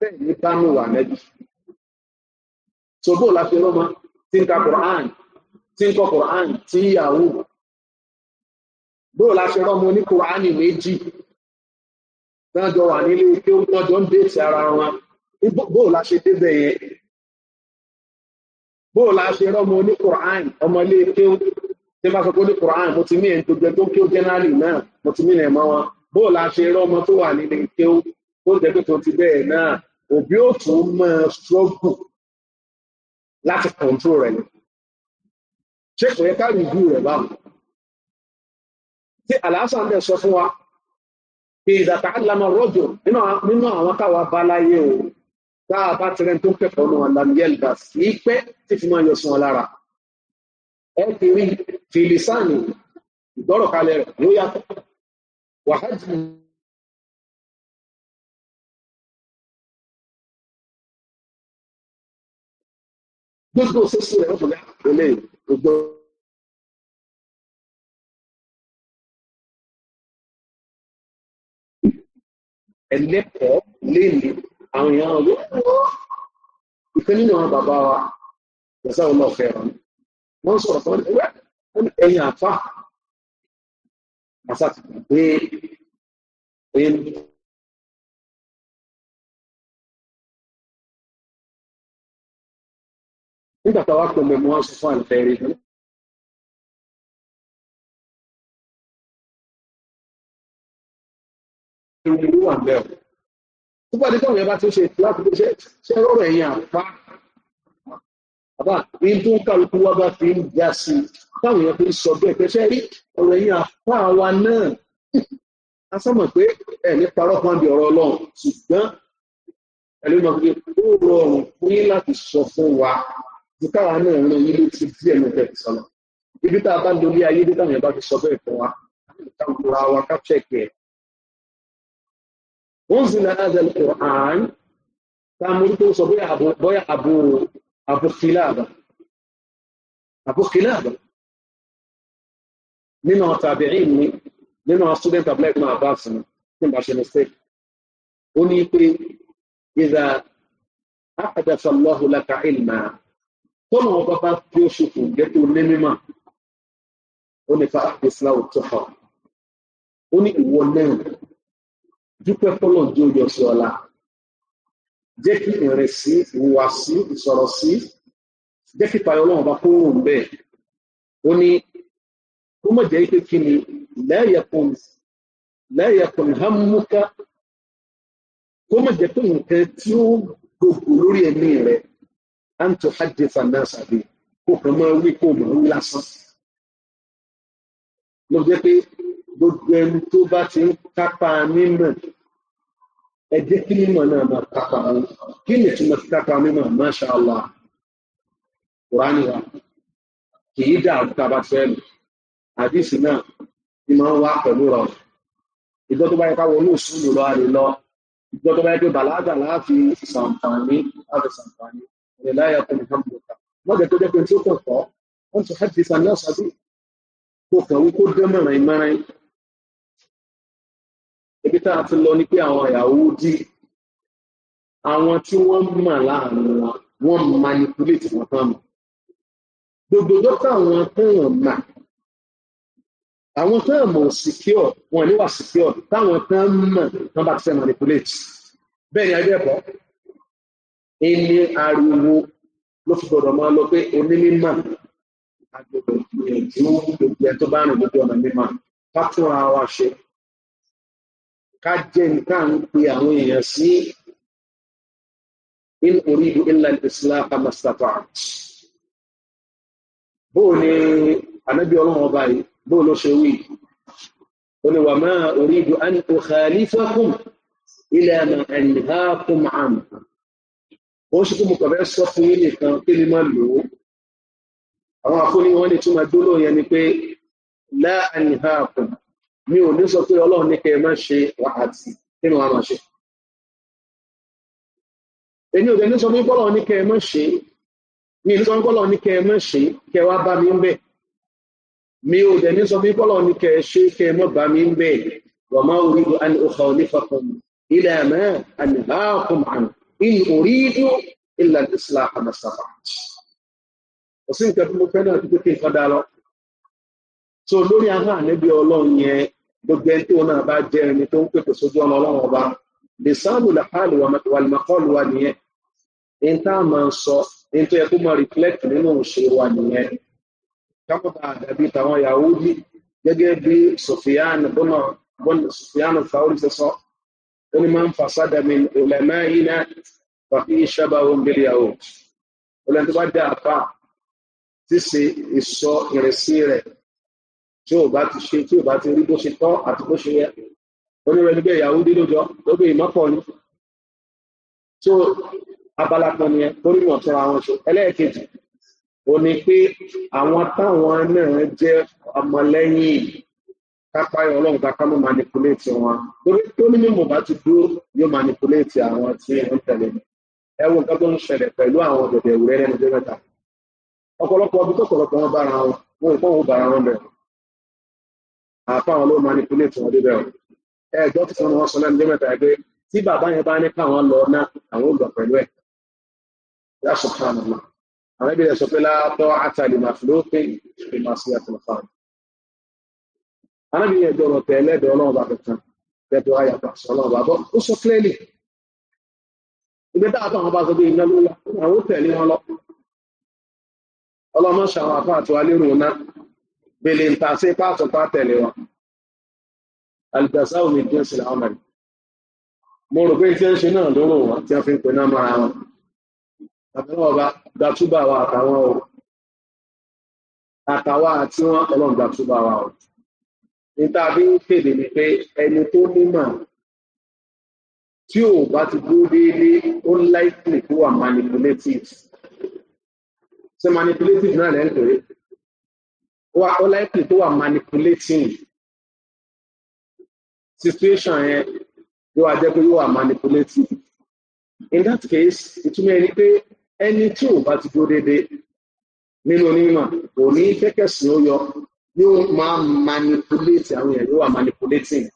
bẹ́ẹ̀ ní kánú wà nẹ́bí ṣògbó láti rọ́mọ tí ń ka Quran tí ń kọ Quran tí ìyàwó bóò láti rọ́mọ ní Quran méjì náàjọ wà nílé kí ó náàjọ ń déètì ara wọn bóò láti débẹ̀ yẹn bóò láti rọ́mọ ní Quran ọmọlé kí ó tí bá sọ pé ní Quran mo ti mí ẹ̀ gbogbo tó kí ó jẹ́nálì náà mo ti mí ẹ̀ mọ́ wọn bóò láti rọ́mọ tó wà nílé kí ó ó jẹ́ pé tó ti bẹ́ẹ̀ náà òbí ò tún máa struggle láti control rẹ̀ ni ṣé kò yẹ ká review rẹ̀ báwọn tí aláṣà ń bẹ̀ sọ fún wa pé ìdàtà àlámà rọ́jò nínú àwọn káwa bá o tá a bá tirẹ̀ tó kẹ́kọ̀ọ́ náà lamiel bá sí pẹ́ tí fi máa yọ sun ọlára ẹ ti rí filisani ìgbọ́rọ̀ rẹ̀ ló yàtọ̀ wàhálà bó ṣe ṣe ṣe ẹ̀rọ fúnra àlẹ́ gbogbo. ẹlẹ́kọ̀ọ́ léèlé àwọn èèyàn ọ̀rọ̀ ìfẹ́ nínú àwọn bàbá wa yẹ̀sà wọn náà fẹ́ràn wọ́n sọ̀rọ̀ fún ẹ̀wẹ́ ẹ̀yìn àfà àṣà ti gbé ẹ̀yìn nígbà táwa pè mẹ́mú wá sọ fún àlùfẹ́rí ìrùn ló wà bẹ́ẹ̀ tó bá dé táwọn yẹn bá ti ṣe láti ṣe ṣe rọrọ ẹ̀yìn àpá àbá ní tó ń kálukú wá bá fi ń já sí táwọn yẹn fi ń sọ bẹ́ẹ̀ pẹ́ṣẹ́ rí ọ̀rọ̀ ẹ̀yìn àpá wa náà a sọ̀mọ̀ pé ẹ̀ ní parọ́ kan di ọ̀rọ̀ ọlọ́run ṣùgbọ́n ẹ̀lú ìmọ̀ pé ó rọrùn fún yín láti sọ fún wa ju káwa náà ń rin ilé tí díẹ̀ ló bẹ̀rẹ̀ sọ́nà ibi tá a bá ń dolé ayé dé táwọn yẹn bá fi sọ bẹ́ẹ̀ fún wa káwọn kura wa ká chẹ́kì ẹ̀. wọ́n sì náà ṣe lè kọ́ àn tá a mórí tó sọ bóyá àbò àbò kìláàbà àbò kìláàbà nínú tàbíìn ni nínú student abdullahi ibn abbas ni nígbà ṣe mistake ó ní pé ìdá akadàfà allahu laka ilma tọ́nà wọn bàbá tí ó ṣòfò gẹ́tò ní mímọ́ ó ní fa àpèsílá òtún hàn ó ní ìwọ náà dúpẹ́ fọlọ́ jó yọ sí ọ̀la jẹ́ kí ìrìn sí ìwà sí ìsọ̀rọ̀ sí jẹ́ kí ìpayọ̀ ọlọ́run bá kó rùn bẹ́ẹ̀ ó ní kó mọ̀ jẹ́ pé kí ni lẹ́yẹ̀kùn lẹ́yẹ̀kùn hàmúkà kó mọ̀ jẹ́ pé nǹkan tí ó gbogbo lórí ẹ̀mí rẹ̀ àǹtò hajjifa náà sàbí kó kàn máa wí kó mọ̀ ń lásán. ló jẹ́ pé gbogbo ẹni tó bá ti ń kápá mímọ̀ ẹ jẹ́ kí mímọ̀ náà máa kápá wọn kí ni tí mo fi kápá mímọ̀ masha Allah kùránì wa kì í dà tá a bá fẹ́ lò àdìsí náà ni máa ń wá pẹ̀lú rọ̀ ìjọ tó bá yẹ káwọn olóòsùn lò lọ́wọ́ lè lọ ìjọ tó bá yẹ pé bàlágà láàfin ṣàǹfààní láàfin ṣàǹfààní ولاية حمدك ماذا تدك أن تقف أن تحدث الناس به kókàn wípé ó dé mọ̀ràn ìmọ̀ràn ibi tá a ti lọ ni pé àwọn Yahudi àwọn tí wọ́n mọ̀ láàrin wọn wọ́n manipulate wọn tán mọ̀ gbogbo dókítà àwọn tán mà àwọn tán mọ̀ secure wọn níwà secure táwọn tán mọ̀ tán bá ti fẹ́ manipulate bẹ́ẹ̀ ni ẹgbẹ́ bọ́ ilé ariwo ló fi gbọdọ̀ máa lọ pé onímọ̀ agbègbè ìgbìyànjú gbogbo ẹ tó bá rìn lójú ọ̀nà mímọ́ ká tún ara wa ṣe ká jẹ́ nǹkan ń pe àwọn èèyàn sí in uridu illa al-islah bóò ni ànábì ọlọ́run ọba yìí bóò ló ṣe wí ó ní wa ma uridu an ukhalifakum ila ma anhaakum anhu wọ́n ṣe kó mo kàn fẹ́ sọ fún yín nìkan kí ni máa lò ó àwọn àfúnni wọn lè tún máa dúró yẹn ni pé láàánì ha kù mi ò ní sọ pé ọlọ́run ní kẹ́ ẹ má ṣe wàhátì nínú àwọn àṣẹ èmi ò ní sọ pé ọlọ́run ní kẹ́ ẹ má ṣe mi ní sọ ní kẹ́ ẹ má ṣe kẹ́ wá bá mi ń bẹ̀ mi ò ní sọ pé ọlọ́run ní kẹ́ ẹ ṣe kẹ́ ẹ má bá mi ń bẹ̀ wàmá orí an òkà onífàkùn ilẹ̀ àmẹ́ àmì bá kùn in uridu illa al-islah mastata'tu kò sí nǹkan tí mo fẹ́ náà tó kéèké nǹkan dá lọ so lórí ahọ́n ànẹ́bí ọlọ́run yẹn gbogbo ẹni tí wọn náà bá jẹ́ ẹni tó ń pèpè sójú ọ̀nà ọlọ́run ọba lè sáàlù làkàlù wàlùmọ̀kọ́lù wa nìyẹn ní tá a máa ń sọ ní tó yẹ kó máa reflect nínú òṣè wa nìyẹn kápọ̀tà àdàbí tàwọn Yahudi gẹ́gẹ́ bí Sufyan bọ́nà Sufyan fáwọn ìṣẹ́sọ́ من فصد من علمائنا فقيه شبه باليهود ولن تبدا فا síse ìsọ ìrẹsì rẹ̀ tí ò bá ti ṣe tí ò bá ti rí bó ṣe tọ́ àti bó ṣe yẹ onírẹ níbẹ̀ Yàhúdí lójọ lóbi ìmọpọ ni tó abala kan ni torí wọn tọrọ àwọn ṣe ẹlẹ́ẹ̀kejì ò ní pé àwọn táwọn náà jẹ́ ọmọlẹ́yìn kápáyọ̀ ọlọ́run ká mọ́ manipulate wọn lórí tó ní mímọ̀ bá ti dúró yóò manipulate àwọn tí ẹ̀ ń tẹ̀lé ẹ wo nǹkan tó ń ṣẹlẹ̀ pẹ̀lú àwọn ọ̀dọ̀dẹ̀ ìwúrẹ́ lẹ́nu tó mẹ́ta ọ̀pọ̀lọpọ̀ ọdún tọ̀pọ̀lọpọ̀ wọn bára wọn wọn ìpọ́n wọn bára wọn bẹ̀rẹ̀ àfáwọn ló manipulate wọn débẹ̀ wọn ẹ gbọ́ tí wọn sọ lẹ́nu tó mẹ́ta pé tí bàbá yẹn bá ní káwọn lọ ná àwọn olùgbà pẹ̀lú ẹ̀ yá sọ fún àwọn ọmọ àwọn ibi rẹ̀ sọ pé látọ́ arábìnrin ẹ̀dọ̀ ọ̀rọ̀ tẹ̀ ẹlẹ́dọ̀ ọlọ́run bá kankan tẹ̀tọ̀ ayàtọ̀ àṣọ ọlọ́run bá bọ́ ó sọ clearly ìgbé táàtọ̀ àwọn bá sọ bí iná lóla àwọn wọn lọ ṣàwọn àti lérò bèlè sí pa wọn omi sí làwọn mo rò pé ń ṣe náà lóró wọn tí a fi ń pe náà mara wọn ọba gbàtúbà wa àtàwọn àtàwọn àti wọn gbàtúbà níta fi ń kéde ni pé ẹni tó nímọ̀ tí ò bá ti dúró déédéé ó ń láìpẹ́ kó wà manipulative ṣe manipulative náà lẹ́ ń pè é ó láìpẹ́ tó wà manipulating situation yẹn ló wà jẹ́ pé yóò wà manipulative in that case ìtumọ̀ ẹni pé ẹni tí ò bá ti dúró déédéé nínú onímọ̀ kò kẹ́kẹ́ sí ó yọ yóò máa manipulate àwọn èèyàn yóò wà manipulating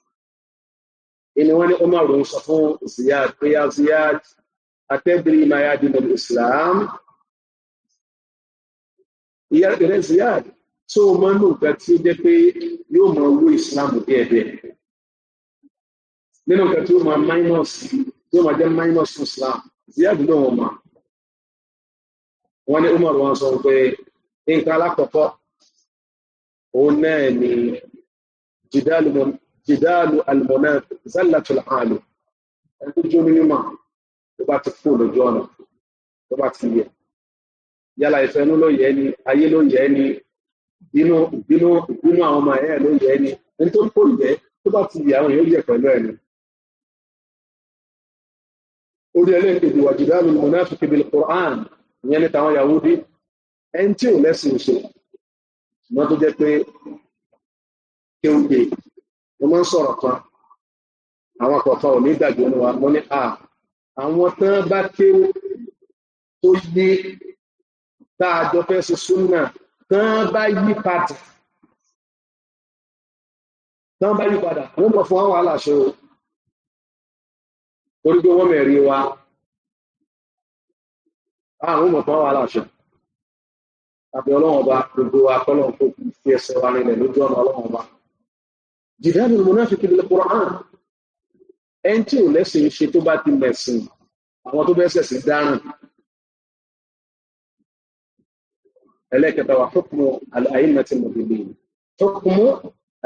ìní wọn ní Umar ń sọ fún Ziyad pé ya Ziyad atẹ́bìrì máa yá dínà Islam ìyá rẹ̀ Ziyad tó o máa ń lò nǹkan tí ó jẹ́ pé yóò máa wó Islam díẹ̀díẹ̀ nínú nǹkan tí ó máa minus tí ó máa jẹ́ minus fún Islam Ziyad náà wọ́n máa wọ́n ní Umar wọn sọ pé nǹkan alákọ̀ọ́kọ́ òun náà ni jìdáàlù almonaf zallatul alu ẹni tó mímọ̀ tó bá ti kú lójú ọ̀nà tó bá ti yẹ yálà ìfẹ́nú ló yẹ ni ayé ló yẹ ni ìbínú ìbínú ìbínú àwọn ọmọ ẹ̀ ló yẹ ni ẹni tó kó yẹ tó bá ti yẹ àwọn èèyàn yẹ pẹ̀lú ẹ̀ orí ẹlẹ́ẹ̀kejì wà jìdáàlù almonaf kìbìlì Qur'an ìyẹn ní tàwọn Yahudi ẹni tí ò lẹ́sìn ìṣòro ṣùgbọ́n tó jẹ́ pé kéwùgbé mo máa ń sọ̀rọ̀ kan àwọn kọ̀ọ̀kan ò ní gbàgbé ní wa mo ní à àwọn tán bá kéwù tó yé tá a jọ fẹ́ ṣe súnà tán bá yí padà tán bá yí padà wọ́n mọ̀ fún àwọn aláṣẹ o torí pé wọ́n mẹ̀rí wa àwọn mọ̀ fún àwọn aláṣẹ o àbí ọlọ́run ọba gbogbo akọ́lọ́run kò kú fi ẹsẹ̀ wa nílẹ̀ lójú ọ̀nà ọlọ́run ọba. jìdáàdì mùnáfíkì lè Kùránì ẹni tí ò lẹ́sìn ṣe tó bá ti mẹ̀sìn àwọn tó bẹ́sẹ̀ sí dáràn. ẹlẹ́kẹta wà hukmu al-a'immatil mudillin hukmu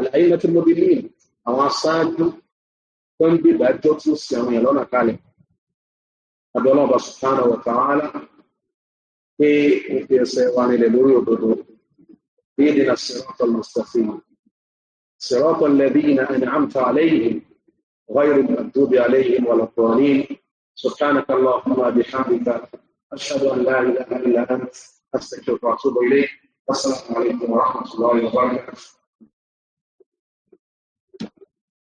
al-a'immatil mudillin àwọn aṣáájú tó ń gbé ìdájọ́ tí sì àwọn èèyàn lọ́nà kalẹ̀ àbí ọlọ́run ọba subhanahu wa ta'ala pé ń fi ẹsẹ̀ wa اهدنا الصراط المستقيم صراط الذين أنعمت عليهم غير المكتوب عليهم ولا الضالين سبحانك اللهم بحمدك أشهد أن لا إله إلا أنت أستغفرك وأتوب إليك والسلام عليكم ورحمة الله وبركاته